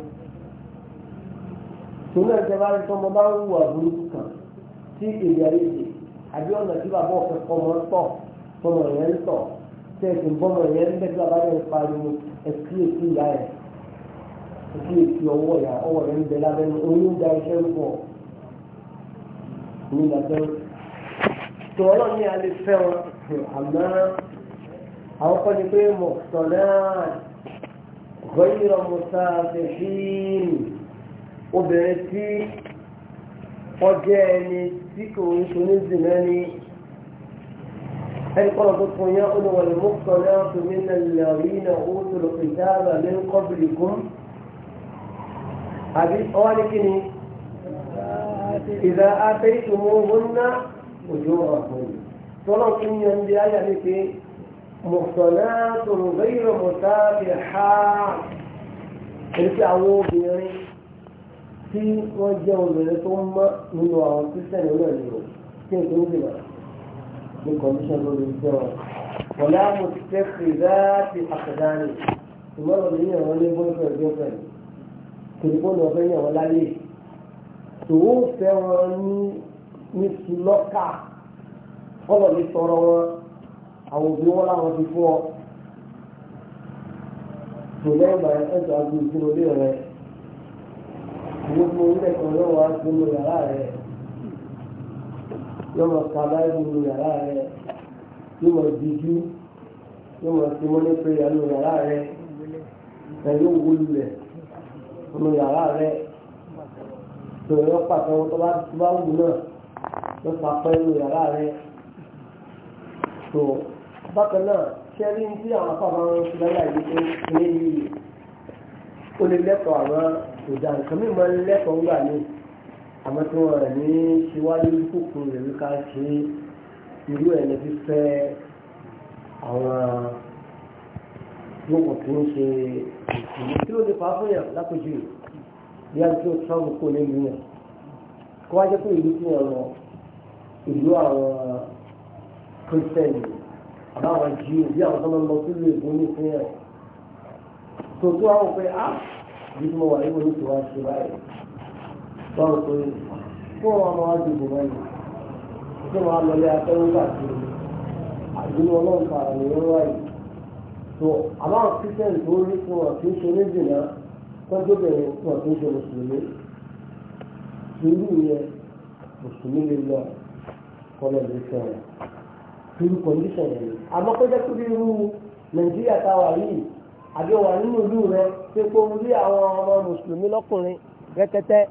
tòun ẹsẹ bá rí sọmọ bá ń wà burúkú kan tí èdè àyè dè àbí ọ̀nà tí bàbá ọ̀fẹ́ kọ́ ń tọ̀ tọmọ yẹn ń tọ̀ tẹ̀sìn bọ́mọ yẹn ń bẹ́ẹ̀ tí bàbá yẹn pariwo ẹ̀kí èkí ìyá ẹ̀ ẹ̀kí èkí ọwọ́ ìyá ọwọ́ rẹ̀ ń bẹ lábẹ́nu oyún da iṣẹ́ ń pọ̀ ní ìdájọ́ tó ọlọ́run ní alẹ́ fẹ́ wọn àmọ́ àwọn kọ́ هل قال يا أولو المقتنات من الذين أوتوا الكتاب من قبلكم حديث أولكني إذا آتيتموهن أجورهن طلب إن ينبي يعني مقتنات غير مسافحات èyí àwọn obìnrin tí يعني في وجه ثم من ni ó tí السنة kò naa ni ní kọ̀míṣán lórí iṣẹ́ wọn. wọ́n lé àwọn òṣìṣẹ́ kìrìdá ti àkàdánì ìmọ̀ràn òní yàn wọ́n lé bọ́ọ̀fẹ́ bọ́ọ̀fẹ́ tòlùkọ́nù ọ̀fẹ́ yàn wọ́n láyé tòun fẹ́ wọn ní ní sùlọ́kà fọlọ̀ ní tọrọ wọn àwọn òbí wọn làwọn ti fún ọ tòlẹ́ ìgbà ẹ̀sọ́ àgbè yóò máa ka báyìí nínú yàrá rẹ yóò máa dijú yóò máa ti mọ́lé péyà nínú yàrá rẹ ẹ yóò wúlò rẹ nínú yàrá rẹ tòun yóò pàṣẹ wọn tó bá tó bá wù náà yóò pàpẹ́ nínú yàrá rẹ tó bákan náà ṣẹ́rí ń tí àwọn afọ́fọ́ ń fi lọ́la yìí tó ṣe é yìí ó lè lẹ́kọ̀ọ́ àwọn ìjà nǹkan mímọ́ lẹ́kọ̀ọ́ ń gbà ní àmọ́ tí wọ́n rẹ̀ ní ṣíwájú kòkòrò rẹ̀ wíká ṣe irú ẹ̀ ní fífẹ́ àwọn lókùn tí ń ṣe ìṣòro kí ló lè fà fún yàn lápèjú bí a ti ó tọ́ọ̀bù kò lè lù yàn kó wá jẹ́ pé ìlú tí wọ́n lọ ìlú àwọn kírísítẹ́nì àbáwọn jíò bí àwọn tọ́lọ́ lọ sí ìlú èbó ní ìpínlẹ̀ rẹ̀ tó tó àwọn pé á ah, bí mo wà ní mo ní tí báwo pé fún ọmọ wa dìbò mẹ́rin tí wọ́n á lọ lé akẹ́wọ́n káàkiri àdúgbò ọlọ́run fara nìyẹn wáyé tó àbáwọn kristian tó rí fún wọn kì í ṣe méjì náà tọ́jú bẹ̀rẹ̀ fún wọn kì í ṣe mùsùlùmí sùúrù yẹn mùsùlùmí lè lọ kọ́lẹ̀ lè sọ̀rọ̀ irú kọ̀ndíṣọ̀n yẹn àmọ́ pé jẹ́ kí irú nàìjíríà táwa yìí àbí wà nínú ìlú rẹ pé kó rí àwọn ọmọ mùsùlùmí lọ́kùnrin rẹ́kẹ́tẹ́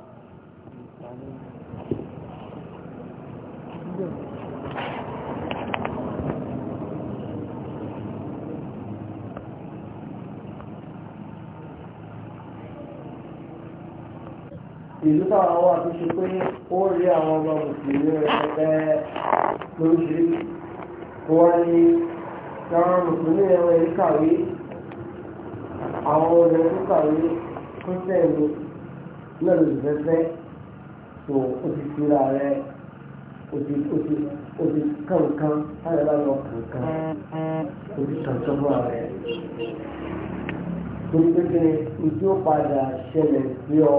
ìlú táwọn wà tó ṣe pé ó rí àwọn ọmọ mùsùlùmí rẹpẹtẹ lóríṣiríṣi kó wá ní táwọn mùsùlùmí ẹ̀rọ yìí kàwé àwọn ọmọ tó kàwé tó sẹ́ẹ̀lú náà lè fẹ́fẹ́ tó o ti fi ra rẹ o ti o ti o ti kankan ayọ̀ kankan o ti kankan fún ara rẹ. ojú padà ṣẹlẹ̀ sí ọ.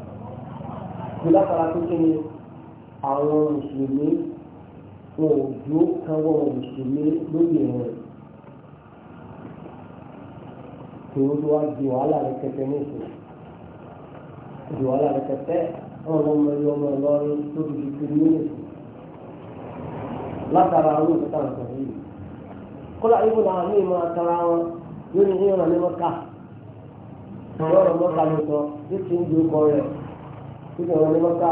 tó látara tó kí ni àwọn mùsùlùmí wọn ò dúró kan wọ́n mùsùlùmí lórí ẹ̀rọ tòun tó wá di wàhálà rẹ kẹtẹ ní ìsìn di wàhálà rẹ kẹtẹ wọn lọ mọ ẹyọ ọmọ Ìlọrin tó ti di kiri ní ìsìn látara àwọn òkúta nǹkan yìí kọ́lá ibùdó àwọn míì máa tara wọn yóò ní ìyọ̀nà ní mọ́ká ìyọ̀nà mọ́ká ló sọ ní ti ń di ọkọ rẹ̀ nígbà wọn ní mọ́tà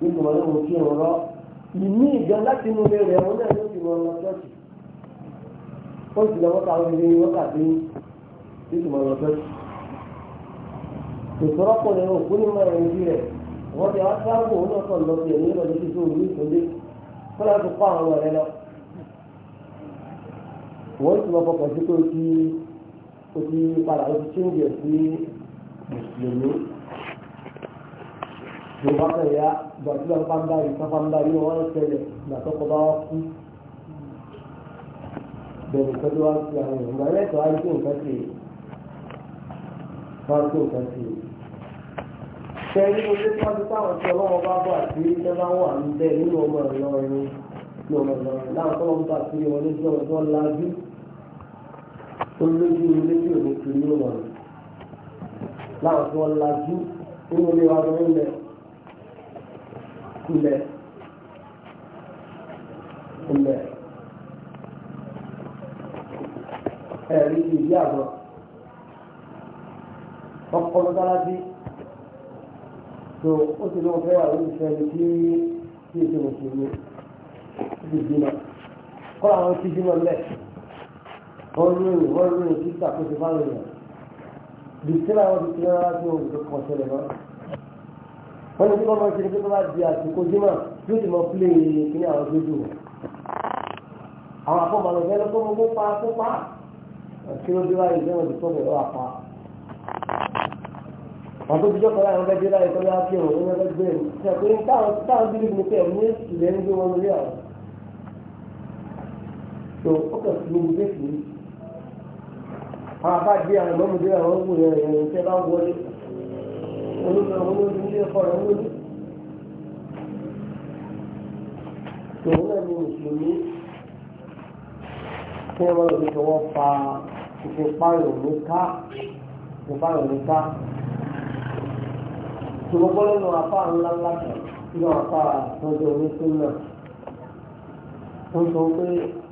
nígbà wọn ní mo kí wọn lọ ìní ìjọ láti mú mi rẹ̀ wọn náà ló ti wọn lọ ṣọ́ọ̀ṣì wọ́n ti lọ mọ́tà wọn ní mọ́tà bí ní ti wọn lọ ṣọ́ọ̀ṣì ìtọ́rọ́pọ̀ ni òkú ní mọ́ra ẹni rẹ̀ wọ́n ti wá sáàbù òun náà sọ̀rọ̀ lọ sí ẹ̀mí lọ́dún tó tóbi ní ìtòlé kọ́lá tó kọ́ àwọn ọ̀rẹ́ lọ. wọ́n ti wọ́n fọkàn sí pé ó ti padà ó ti chíńgì ẹ̀ sí mùsùlùmí tó bá bẹ̀ yá gbàdúrà bá ń darí sábà ń darí wọn ṣẹlẹ̀ gbàtọ́kọ bá wá kú bẹ̀rù pẹ̀lú wá sí àwọn èèyàn ìgbà yẹn tó wá tó nǹkan ṣe wá tó nǹkan ṣe. sẹ́yìn ojú pàṣẹ táwọn tí ọlọ́wọ́ bá bọ̀ àti ilé bá wà ń bẹ nínú ọmọ ìlọrin ní ọmọ ìlọrin láwọn tó wọn bá sí wọn ní kulẹ̀ kulẹ̀ ẹ̀rí ìdí àbọ̀ ọpọlọ dáradí tó ó ti lọ́wọ́ fẹ́ àwọn olùfẹ́ ẹni tí tí èso mùsùlùmí ó ti bímọ kọ́ àwọn tí bímọ lẹ̀ wọ́n lóyún wọ́n lóyún títà tó ti bá lóyún dùtí làwọn ti tẹ́ ara tí wọ́n kọ́ sẹ́lẹ̀ náà wọ́n ní kí wọ́n máa ṣe pé tó bá di àsìkò jímọ̀ yóò ti mọ pílé kíní àwọn tó dùn àwọn àfọmọ àwọn ọ̀gá ẹlẹ́kọ́ mọ́ pa kó pa kí ló dé wáyé ìgbẹ́wọ̀n ti tọ́gbẹ̀ wá pa. wọ́n tó dijọ́ kọ́lá àwọn ọ̀gá ẹlẹ́kọ́ yá kí òun ní ọ̀gá gbé ẹ̀rù táwọn bí níbi pé ẹ̀mí ìlẹ̀ ń gbé wọn lórí àwọn. tó ó kẹ̀ fún mi bẹ́ẹ̀ fún mi. àwọn àbá olóògbé àwọn olóògbé ilé ẹ̀kọ́ rẹ̀ lónìí. Tòun náà ni Mùsùlùmí tí wọ́n lọ sí wọ́n fa ìfipáyọ̀ ní ká ìfipáyọ̀ ní ká. Tòun gbọ́dọ̀ lọ apá ńlá ńlá kan nínú apá àtọ́jú oníṣẹ́ náà. Ó sọ pé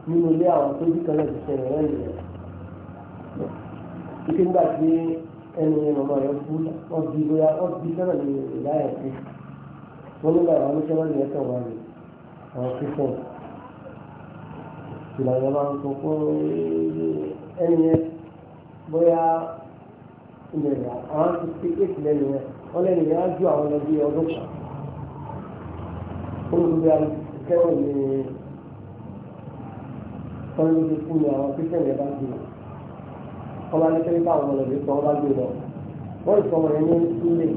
nínú ilé àwọn tó bí ti ṣẹlẹ̀ rẹ̀ ẹni ọmọ rẹ̀ kú ọbí bóyá ọbí sọ́nà ní ìlà ẹ̀ kú wọ́n nígbà àwọn oníṣẹ́wọ́n yẹn kàn wá rè àwọn kíkọ́ ìlànà máa ń sọ fún ẹni yẹn bóyá ilẹ̀ rẹ̀ àwọn ti fi éèkì lẹ́nu yẹn wọ́n lẹ́nu yẹn á ju àwọn lọ bí ọdún kan ó lóbi àkẹ́wọ̀n ní ọlọ́dún kú ni àwọn kíkọ́ yẹn bá gbé wọn ọba ní pé káwọn ọmọlẹ̀bí sọ ọba lọ wọ́n ìsọ ọmọ yẹn ní sílé lèmọ́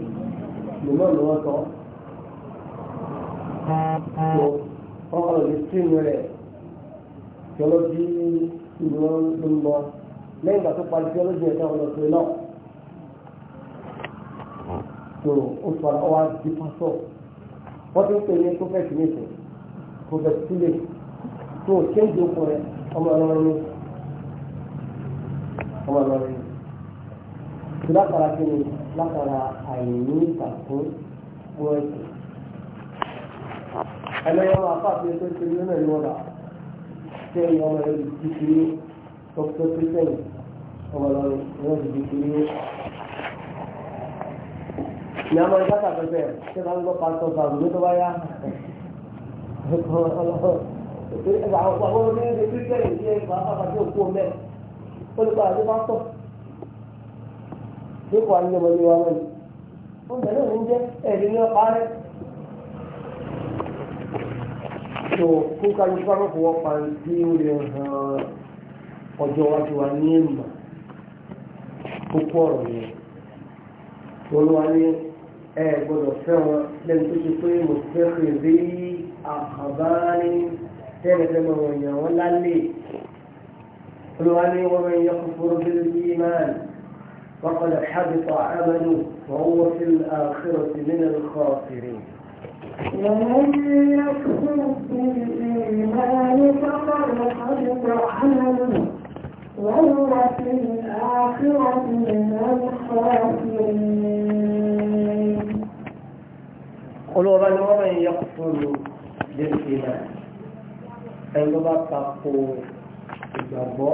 ni wọ́n sọ ọmọlẹ̀bí sínú rẹ̀ jọlọ́jì ìlú wọn ń lọ lẹ́yìn ìgbà tó parí jọlọ́jì ẹ̀ka ọmọlẹ̀bí náà tó ó sọ ọwá di pásọ̀ wọ́n ti ń pè ní prophet nation prophet sílé tó kéńjì okùn rẹ̀ ọmọ ọlọ́run ní ọmọ lọ́rin tó látara kí ni látara àìní ìtàkùn fún ẹ̀sìn ẹlẹ́yìn ọmọ afáàfin tó ti rí náà yọ̀ọ̀dà tí ẹ̀yìn ọmọ rẹ̀ ti ti kiri tọ́kítọ́ tó sẹ́yìn ọmọ lọ́rin rẹ̀ ti ti kiri ní a máa ń dáta pẹpẹ ṣé máa ń gbọ́ pásítọ̀ sàrùgbé tó bá yá ọlọ́run àwọn ọmọ ẹgbẹ́ tó sẹ́yìn sí ẹ̀ ó lè padà dé pásítọ̀ dípò ni wà lẹ́yìn ó bẹ̀rẹ̀ òun jẹ́ ẹ̀rí ní ọ̀pá rẹ̀ tó kó kájú pápá fún wọn parí tí ó lè hàn ọjọ́ iwájú wa ní ìmọ̀ kókó ọ̀rọ̀ yẹn olúwa ní ẹ gbọ́dọ̀ fẹ́ wọn lẹ́nu tó ṣe pé mo fẹ́ fèrè àkàbárí tẹ́lẹ̀ fẹ́ mọ̀ wọn lálẹ́ فلواني ومن يكفر بالإيمان فقد حبط عمله وهو في الآخرة من الخاسرين ومن يكفر بالإيمان فقد حبط عمله وهو في الآخرة من الخاسرين قل ومن ومن يكفر بالإيمان عندما تقول ìgbàgbọ́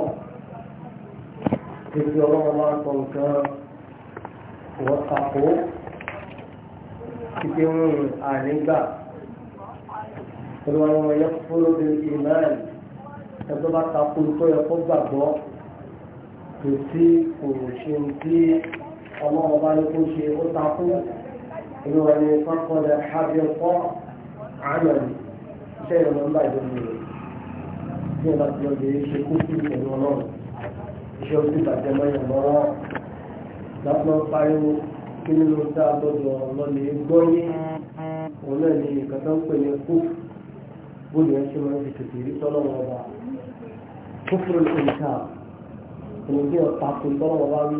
ibi ọlọ́run máa sọ nǹkan wọ́n tako títí ń rìn ànígbà olùwàlú wọn yẹ fúró bí ìmáàlì ẹgbẹ́ bá tako tó yẹ kó gbàgbọ́ kò sí kò ṣe ń tí ọlọ́run bá ní kó ṣe ó tako olùwàlú fákọ̀ọ́dà hábíọ́kọ́ àmàlì iṣẹ́ ìrọ̀lọ́ ń tí wọ́n bá ti lọ lè ṣe kó sí ìpẹ̀lú ọlọ́run iṣẹ́ ó sì bàjẹ́ mọ́yàn lọ́wọ́ lọ́pọ̀ pariwo kí nínú tá a gbọ́dọ̀ lọ́lẹ̀ gbọ́ yé òun náà ní nǹkan tó ń pè ní kú bóyá ṣe máa ń fi tètè rí tọ́lọ́wọ́ ọba kófúrò nìkan òun bí ọ̀pá kò tọ́lọ́wọ́ bá rí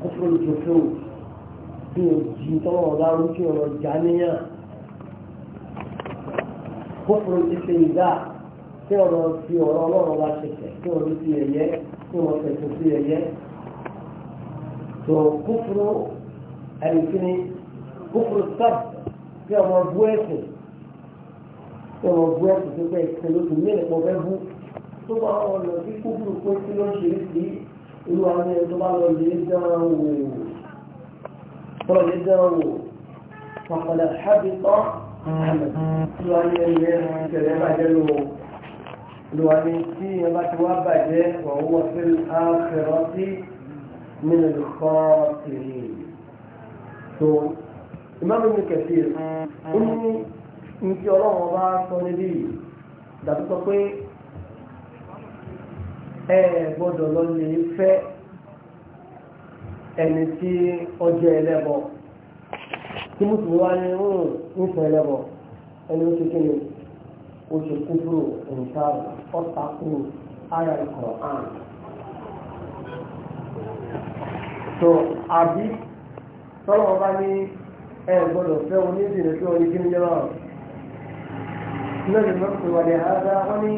kófúrò jòfó bí o jí tọ́lọ́wọ́ bá rí kí ọ̀rọ̀ já níyàn kófúrò ti ṣe ìdá kí ọ̀rọ̀ fi ọ̀rọ̀ ọlọ́rọ̀ bá ṣẹ̀ṣẹ̀ kí wọ́n fi ẹ̀yẹ kí wọ́n fẹ̀sùn sí ẹ̀yẹ. tó kúfúrú ẹ̀yìnkiri kúfúrú sáà kí ọmọ bú ẹ̀sìn kí ọmọ bú ẹ̀sìn tó pẹ́ ẹ̀sìn ló ti mílẹ̀ pọ̀ fẹ́ bú. tó bá wọn lọ sí kúfúrú pé kí ló ń ṣe sí olúwa ní ẹ̀ tó bá lọ lè dán wò tó lè dán wò pàpàdà hábìtọ́ àmì olúwa ní ẹ̀ lùwàní tí ẹ bá ti wá bàjẹ́ wà wọ́n fi àfẹ́rọ́ sí nínú ìkọ́ tìrì tó ìmáàmù mi kẹ̀sí ó ní nítí ọlọ́run bá sọ níbí dàbí sọ pé ẹ gbọ́dọ̀ lọ lè fẹ́ ẹni tí ọjọ́ ẹlẹ́bọ tí mùsùlùmí wá ní hmm, ń sọ ẹlẹ́bọ ẹni ó ti kí ni ó ṣe kúrò nǹkan ọ̀tá kúrò ara ikọ̀ hàn. tó àbí tọ́lọ́ wọn bá ní ẹ gbọ́dọ̀ fẹ́ onídìrí tí wọ́n ní kíni jẹ́rọ̀ lórí mọ́tò wà ní àádá wọ́n ní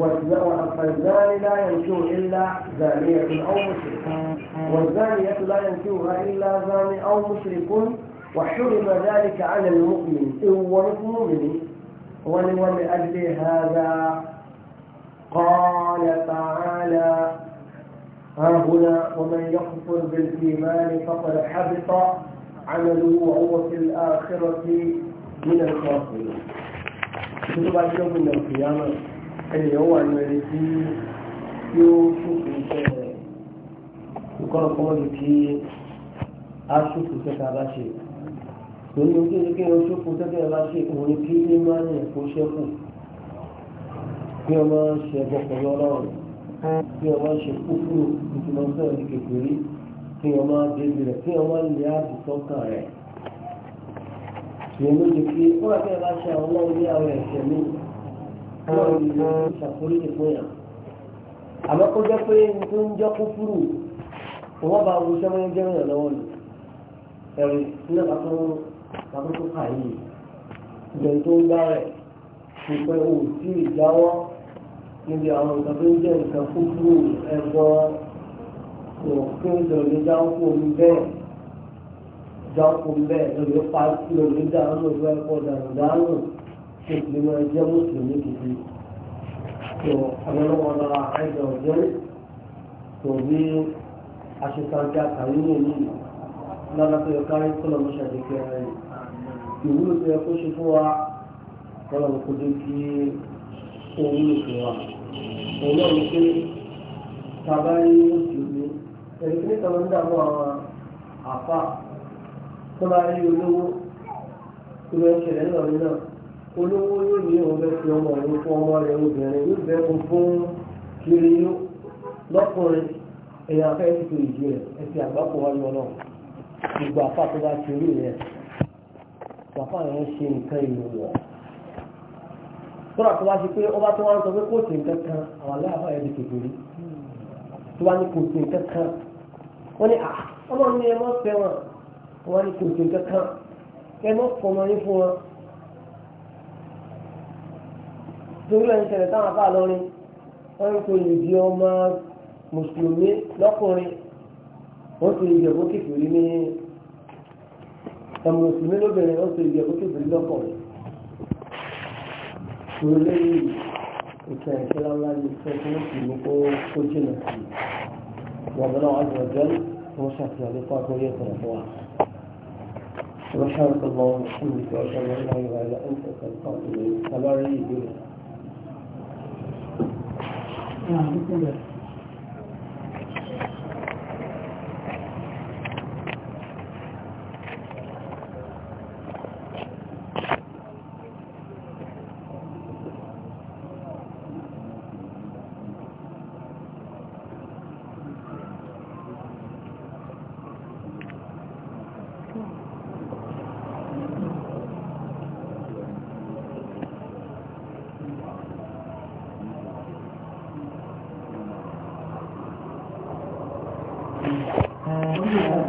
والزاني لا ينكر إلا زانية أو مشرك والزانية لا ينكرها إلا زاني أو مشرك وحرم ذلك على المؤمن إن ورث مؤمن ولأجل هذا قال تعالى ها هنا ومن يكفر بالإيمان فقد حبط عمله وهو في الآخرة من الخاسرين كتب يوم من القيامة اللي هو الملكي يوشك يقول قولك أشوف كتابة شيء torí ojú ní kí wọ́n ṣókù tẹ́tẹ́ ẹ̀ bá ṣe òun ní kí ní máa ń kó ṣẹ́kù kí wọ́n máa ń ṣe ẹ̀bọ̀ pẹ̀lú ọlọ́run kí wọ́n máa ń ṣe kúkúrú ìtumọ̀sọ́ ní kékeré kí wọ́n máa débi rẹ̀ kí wọ́n máa lè áàbò sọ́kàn rẹ̀. ìyẹn ló ti fi kúrò tẹ́ ẹ bá ṣe àwọn ọlọ́run ní àwọn ẹ̀ṣẹ̀ mi wọ́n lè ṣàforíjì fún àmọ́ kó jẹ́ pé tàbí tó kà yìí ìbẹ̀rù tó ń bá rẹ̀ kò pẹ́ o tí ì jáwọ́ níbi àwọn nǹkan tó ń jẹ́ nǹkan kúkú ẹ̀gbọ́ òkè lòlẹ́ jáwọ́ kó omi bẹ́ẹ̀ jáwọ́ kó omi bẹ́ẹ̀ lòlẹ́ pa lòlẹ́ dànù lòlẹ́ ẹ̀kọ́ dànù dànù kò sì máa jẹ́ mùsùlùmí kìkì tó àwọn ọlọ́wọ́ lọ́la àìjọ ọ̀jẹ́ tó bí aṣèkáńtì àkàrí nìyí lọ́la tó yẹ kárí kó lọ́mọṣẹ́ àdékẹ́ ìwúlò tó yẹ kó ṣe fún wa kọ́nà kó dé kí ó wúlò fún wa òun náà ní pé tàbá ní oṣù mi ẹ̀rí kí ní kan ń dààmú àwọn àfa tó bá rí olówó tó bá ṣẹlẹ̀ ńlọ nínú olówó yóò ní òun bẹ́ẹ̀ fi ọmọ òun fún ọmọ rẹ̀ obìnrin yóò bẹ́ẹ̀ kó fún kiri yó lọ́kùnrin èèyàn afẹ́ ti tó ìdí rẹ̀ ẹ̀sìn àgbákò wáyé ọlọ́run gbogbo àfa tó bá ti rí rẹ̀ wàfà yẹn ṣe nǹkan ìlú wọ̀ kóra tó wá sí pé ọba tó wá ń sọ pé kò sí nǹkan kan àwọn aláàbá yẹn di kékeré tó wá ní kò sí nǹkan kan wọ́n ní ọmọ mi ẹ mọ́ fẹ́ wọn wọ́n ní kò sí nǹkan kan ẹ fọmọ yín fún wọn torí lẹ́yìn ṣẹlẹ̀ táwọn afá lọ́rin wọ́n ń kó lè di ọmọ mùsùlùmí lọ́kùnrin wọ́n ti lè jẹ̀bú kékeré ní. ọmọ mùsùlùmí lóbìnrin ó sì yẹ kó tóbi lọ́kùnrin kò léyìn ìtàn ìṣẹ́lá ńlá ní ìṣẹ́ tí wọ́n sì ní kó kó jìnà sí wọn bọ́lá wọn àjọ ọjọ́ wọn ṣàfihàn nípa àgbóyè ìtàn fún wa. سبحانك اللهم وبحمدك واشهد ان لا اله الا انت استغفرك واتوب اليك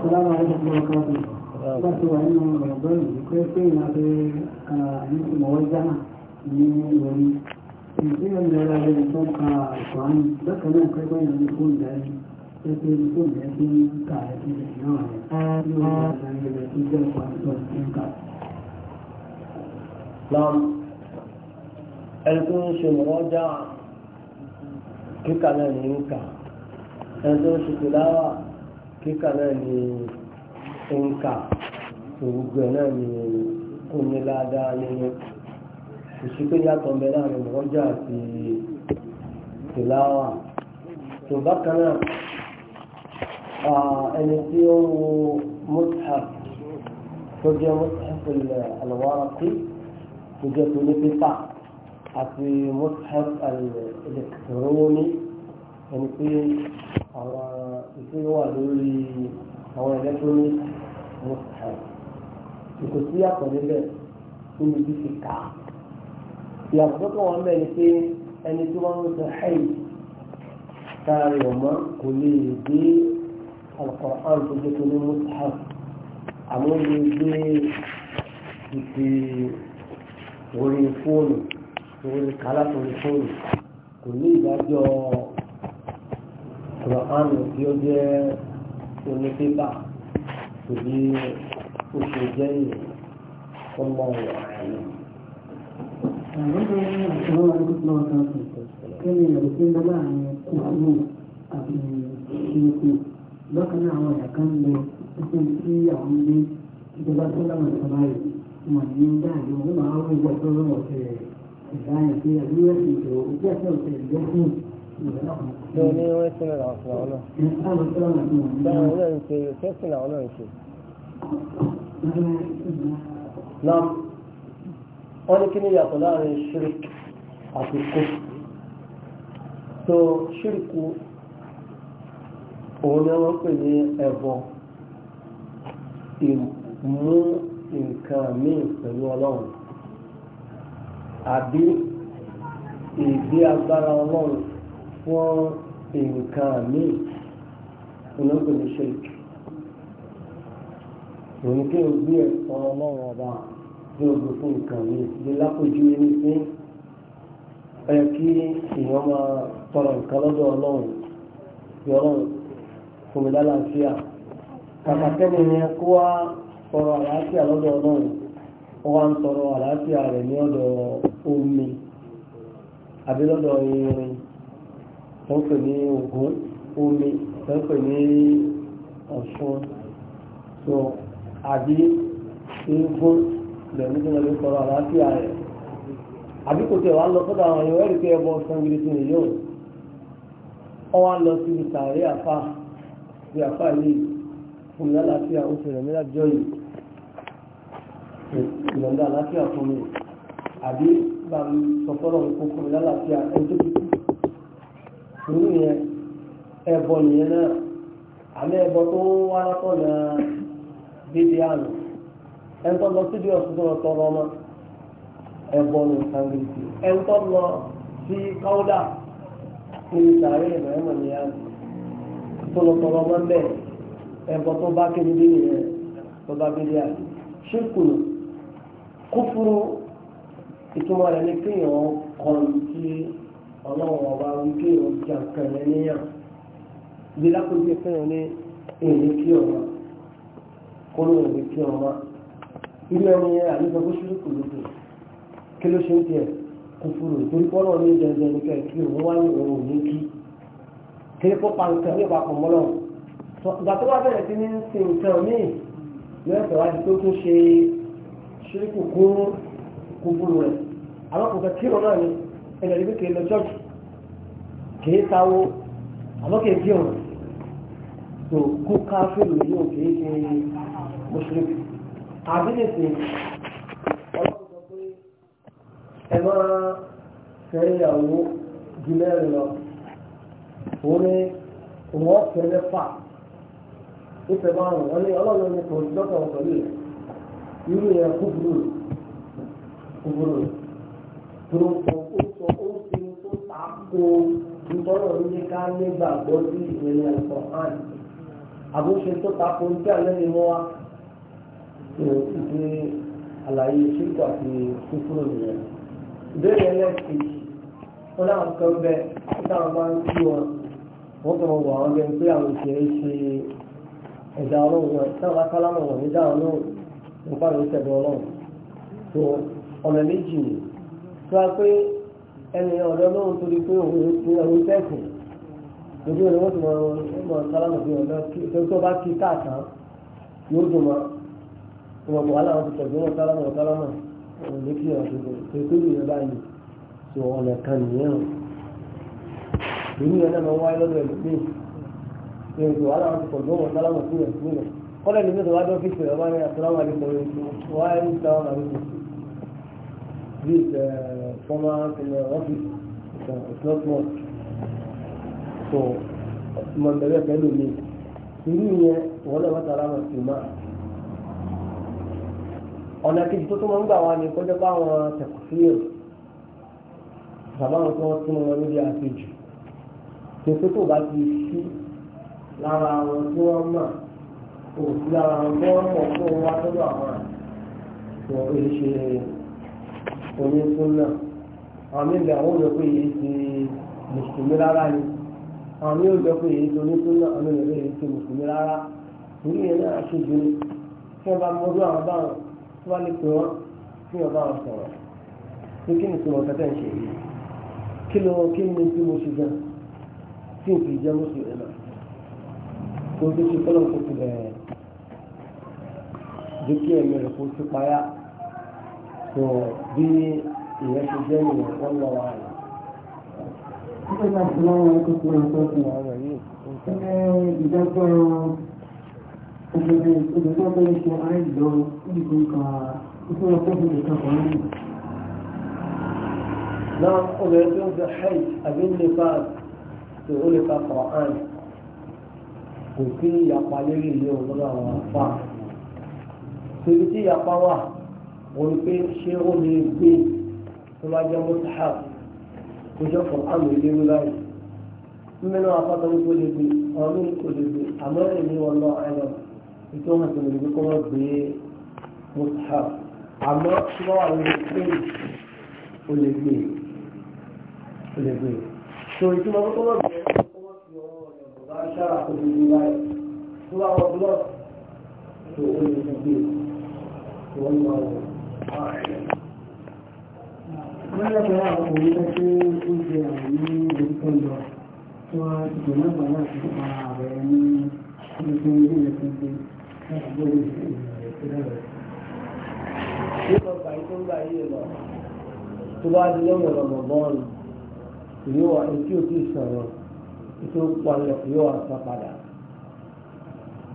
Assalamu alaikum wa rahmatullahi wa barakatuh. wannan babban kai sai na da nufi mawajjama ne wani. Yanzu yan da ya da son ka kwanu, daga nan kai bayan nufin da ya sai sai nufin da ya fi ka ya fi da nawa ne. Yau da nan da ya fi jan kwanu da sun ka. Nam, ẹ̀kún ṣe mọ́jà kíkà náà ní ń kà, ẹ̀kún ṣe kìláwà kíkà náà ni nǹka òwúgbẹ náà ni onílàdá nínú ìṣípé yàtọ̀ ń bẹ láàrin ọjà àti tìláwà tó bákan náà ẹni tí ó wo mushaf tó jẹ́ mushaf al-waraqi tó jẹ́ tó ní pípà àti mushaf al-elektroni ẹni pé àwọn ìpín wà lórí àwọn electronic mọ́tà kò sí yàtọ̀ níbẹ̀ níbi tí ti kà á ìyàtọ̀ tó kàn wọ́n bẹ̀ ni pé ẹni tí wọ́n ń sọ ẹ̀yìn tára rẹ̀ mọ́ kò lè dé alukọ̀rán tó jẹ́ tó ní mọ́tà àmọ́ lè gbé ìpè orí fóònù orí kálá torí fóònù kò ní ìdájọ́ kùránù tí ó jẹ́ onípépà kò bí ó ṣe jẹ́ ìrìn tó mọ̀ wọ̀ ẹ̀yìn. Kẹ́lẹ̀ ìlú tí ń lọ láàrin kòkòrò àti ṣíkò lọ́kàn náà àwọn ẹ̀ka ń lọ ẹgbẹ́ tí àwọn ilé ìjọba tó láwọn ìjọba rẹ̀ mọ̀ ní dáàbò wọn máa ń wọ́n ìgbà tó lọ́wọ́ ọ̀sẹ̀ ìdáyẹ̀ sí àdúrà ìjọ ojú ẹ̀sẹ̀ ọ̀sẹ̀ ìjọ́sìn tó ní wọ́n sínú àwọn fúlàwọ́ náà báwọn náà ń ṣe ṣé sínú àwọn náà ń ṣe. náà wọ́n ní kí ni yàtọ̀ láàrin ṣírík àti kó tó ṣíríkù òun ni wọ́n pè ní ẹbọ ìmú nǹkan míì pẹ̀lú ọlọ́run àbí ìgbé agbára ọlọ́run wọ́n pè nǹkan àmì ìnáwó ní ṣèkì òun kí o gbé ẹ̀sán ọlọ́run ọba bí o gbé fún nǹkan mi bí lápòjú ẹni sí ẹ kí èèyàn máa tọrọ nǹkan lọ́dọ̀ ọlọ́run bí ọlọ́run fún mi lálàáfíà kàkà kẹ́ni yẹn kó wá tọrọ àlàáfíà lọ́dọ̀ ọlọ́run ó wá ń tọrọ àlàáfíà rẹ̀ ní ọ̀dọ̀ omi àbí lọ́dọ̀ irin wọ́n pè ní Ògún omi wọ́n pè ní Ọ̀ṣun so àbí eégún lẹ́nu tí wọ́n lè sọ̀rọ̀ àlàáfíà rẹ̀ àbí kò tẹ̀ wá lọ sọ́dọ̀ àwọn ẹ̀yọ́ ẹ̀rí pé ẹbọ san gidi tó nìyó ọ wá lọ síbi tààrí àfà bí àfà yìí fún mi lálàáfíà ó ti rẹ̀ mí lájọ́ yìí ìlọ́dọ̀ àlàáfíà fún mi àbí bá mi mi kó fún mi lálàáfíà ẹni tó ti sùúrù yẹn ẹbọ nìyẹn náà àmì ẹbọ tó wá látọ̀ náà bíbí àná ẹni tó lọ síbi ọ̀sùn tó lọ ọmọ ẹbọ ní sangirisi ẹni tó lọ sí káwúdà níbi sàárè ìbẹ̀rẹ̀mọ̀ nìyẹn tó lọ tọrọ ọmọ bẹ́ẹ̀ ẹbọ tó bá kéde bí nìyẹn tó bá bíbí àná ṣírkù kúfúrú ìtumọ̀ rẹ̀ ní kéèyàn kọ̀ọ̀tì ọlọ́run ọba wíkẹ́ ọjà kẹrẹ níyàn bí lákòókè fẹ́ràn ní èyí kí ọmọ kó ló ń kí ọmọ irú ẹni yẹn àlejò bó ṣubú kò lóde kí ló ṣe ń tiẹ̀ kò fúru torí pọ́nà ní dandan ní kẹ́kẹ́ òun wá ní òun ò ní kí kí ló pa nǹkan ní ìbákan mọ́lọ́ ìgbà tó wá bẹ̀rẹ̀ sí ní sin nǹkan míì yóò fẹ́ tó tún ṣe ṣírí kò kún kò fúru rẹ̀ àwọn kò fẹ́ kí ọ̀nà ni ẹlẹ́rìí pé kìí lọ ṣọ́ọ̀ṣì kìí sáwó àmọ́ kìí bí òun tó kó káfíìlì yóò kìí ṣe mùsùlùmí àbílẹ̀sì ọlọ́run sọ pé ẹ máa fẹ́ ìyàwó ju mẹ́rin lọ òun ni òun ọ̀fẹ́ mẹ́fà ìfẹ́ márùn-ún wọn ni ọlọ́run ní tako ìtọ́nà ní ká nígbàgbọ́ sí ìrìn ẹ̀kọ́ hàn àbúṣe tó tako ní kí alẹ́ ni wọ́n wá ìrìn sí pé àlàyé ṣíkọ̀ àti kúkúrò nìyẹn. ìbéèrè ẹlẹ́ẹ̀kejì wọn láwọn kan bẹ táwọn bá ń kí wọn wọn kàn wọ àwọn bẹ pé àwọn òṣèré ṣe ẹ̀dá ọlọ́run wọn táwọn akálámọ̀ wọn ní dáhùn náà nípa ìrẹsẹ̀ ọlọ́run tó ọ̀nà méjì ni tó a pé ẹni ọ̀dọ́ lóhun torí pé òun ti ẹ̀hún tẹ́kùn ojú ẹni wọ́n ti mọ ọmọ sálámù bí ọ̀dọ́ tó tó bá kí káàtàn yóò dùn mọ́ ọmọ bọ̀ aláwọ̀ ti tẹ̀gbọ́n wọn sálámù wọn sálámù ọ̀hún ló kí ọ̀dọ́ tó tó lè yọba yìí tó ọ̀nà kan nìyẹn o èmi yẹn náà máa wáyé lọ́dọ̀ ẹ̀lú pé ètò aláwọ̀ ti tẹ̀gbọ́n wọn sálámù fún ẹ̀ fún ẹ̀ kọ́lẹ̀ ní this uh, former in the office so uh, it's not much so mo bẹ̀rẹ̀ pẹ̀lú mi irú yẹn wọn náà wọ́n tara wọn sí máa ọ̀nà kejì tó tún máa ń gbà wá ní kọjá bá wọn tẹ̀kọ̀ sí èrò bàbá wọn tó wọn tún wọn níbi àpèjì tòkó tó bá ti sí lára wọn tí wọ́n mọ̀ òsì lára wọn tí wọ́n mọ̀ fún wa lọ́dọ̀ àwọn àti wọn ò lè ṣe onísúnà àwọn míì àwọn ò lọ pé èyí ti mùsùlùmí rárá ni àwọn míì ò lọ pé èyí ti onísúnà àwọn míì ò lọ pé èyí ti mùsùlùmí rárá torí ẹ̀ náà ṣojú ni tí wọ́n bá mọ́dún àwọn báwọn tí wọ́n lè pè wọ́n tí wọ́n bá wọn sọ̀rọ̀ pé kí ni tìmọ̀ tẹ́tẹ́ ń ṣe yìí kí ló kí ni tí mo ṣe gan tí n kì í mùsùlùmí náà kó o ti ṣe kọ́lọ́ ti bẹ̀rẹ̀ dúkìá ẹ̀mí rẹ̀ kó o ti payá tó bí ìyẹn ti jẹ́ ìwọ̀n tó lọ wà rẹ̀. Títí ká sí láwọn akókò ẹ̀kọ́ sí ọ̀rọ̀ yìí. Ṣé ìdájọ́ obìnrin obìnrin tó ń ṣe aláìlọ ìdìbò kan ìfún ọkọ̀ fún ìkàkọ̀ náà? Náà obìnrin tó ń fi haid àbí nípa tó ó lè ka Quran kò sí ìyapa lérí ilé òun àwọn afá. Tòbí tí ìyapa wà wọ́n pé ṣé ó lè gbé tó bá jẹ́ mọ́tàhà tó jẹ́ fún àmì ìlérú láyé mímẹ́nu àpáta ní kò lè gbé ọ̀rọ̀ ní kò lè gbé àmọ́ èmi wọn lọ àìlọ́ ètò hàn tó lè gbé kọ́ wọ́n gbé mọ́tàhà àmọ́ tí wọ́n wà lórí pé tó ìtumọ̀ tó gbé ọwọ́ fi ọwọ́ rẹ̀ bọ̀ bá láyé wọ́n lọ́pọ̀ ọkùnrin lọ sí oúnjẹ àwọn ní orúkọ lọ tó ṣùgbọ́n náà bá láti pa ààrẹ ní orúkọ ilé rẹ̀ tó gbé láti gbọ́dọ̀ ìṣẹ̀lẹ̀ rẹ̀. nípa bàyí tó ń gbà yí lọ tó bá di lọ́wọ́ ọ̀rọ̀ bọ́ọ̀lù yóò wá etí òkú ìsọ̀rọ̀ ètò pọ̀ yóò wá padà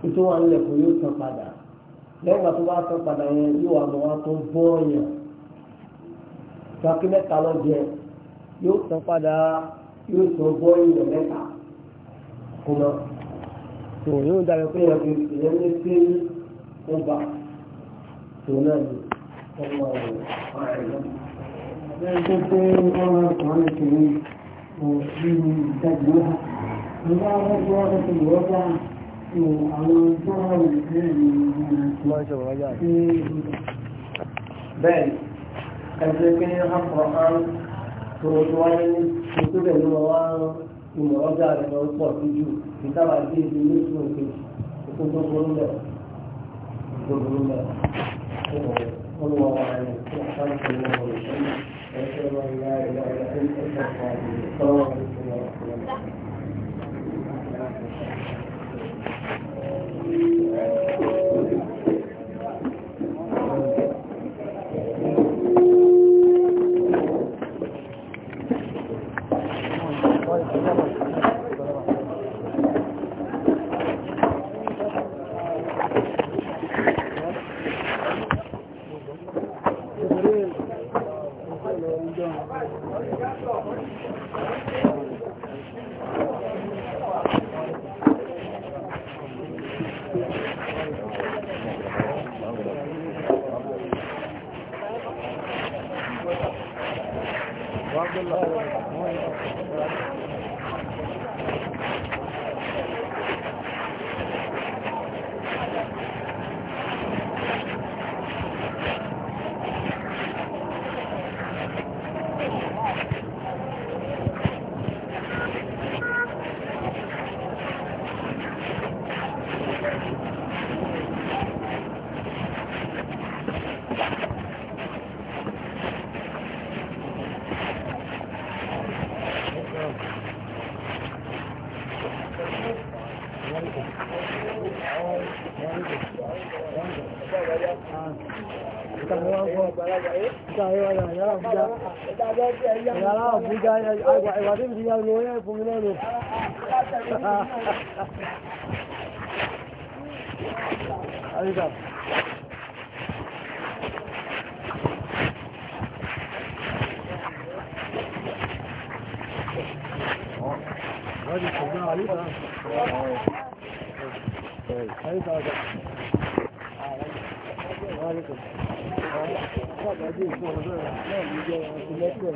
ètò wà ń lẹ̀kùn yóò san padà lẹ́yìn tó bá tán padà yẹn yóò àmọ́ wá tó bọ́ọ̀yàn tọ́kí mẹ́ta lọ́jẹ́ yóò tán padà yóò tó bọ́ọ̀yàn mẹ́ta kò mọ́ tó yóò dára pé ẹ̀rọ ìyẹn ní pé ó bà tó náà ní ọmọ rẹ̀ ẹgbẹ́ pé ọmọ ọkùnrin kìíní òbí ìdájọ́ nígbà wọn tí wọ́n ti wọ́n dáa bẹ́ẹ̀ ẹgbẹ́ pé hapọ̀án tó wáyé ní ìtúbẹ̀ ní wọ́n wá ìmọ̀ ọjà rẹ̀ lọ pọ̀ sí jù ìtàwà sí ibi ní ìṣòro kejì òkú tó burú bẹ̀ tó burú bẹ̀ olùwà wà ní ìpàdé tó wọ́n wọ̀ lọ́wọ́ ẹgbẹ́ wọn ìyá ìyá ìyá tó ń tẹ̀sán fún àdúgbò tọ́wọ́ ìṣòro ọ̀pọ̀lọpọ̀ Amen. Àbújá yàrá Àbújá ìwà tí ìdíyà ló yẹ fún mi lẹ́nu. Àyíká.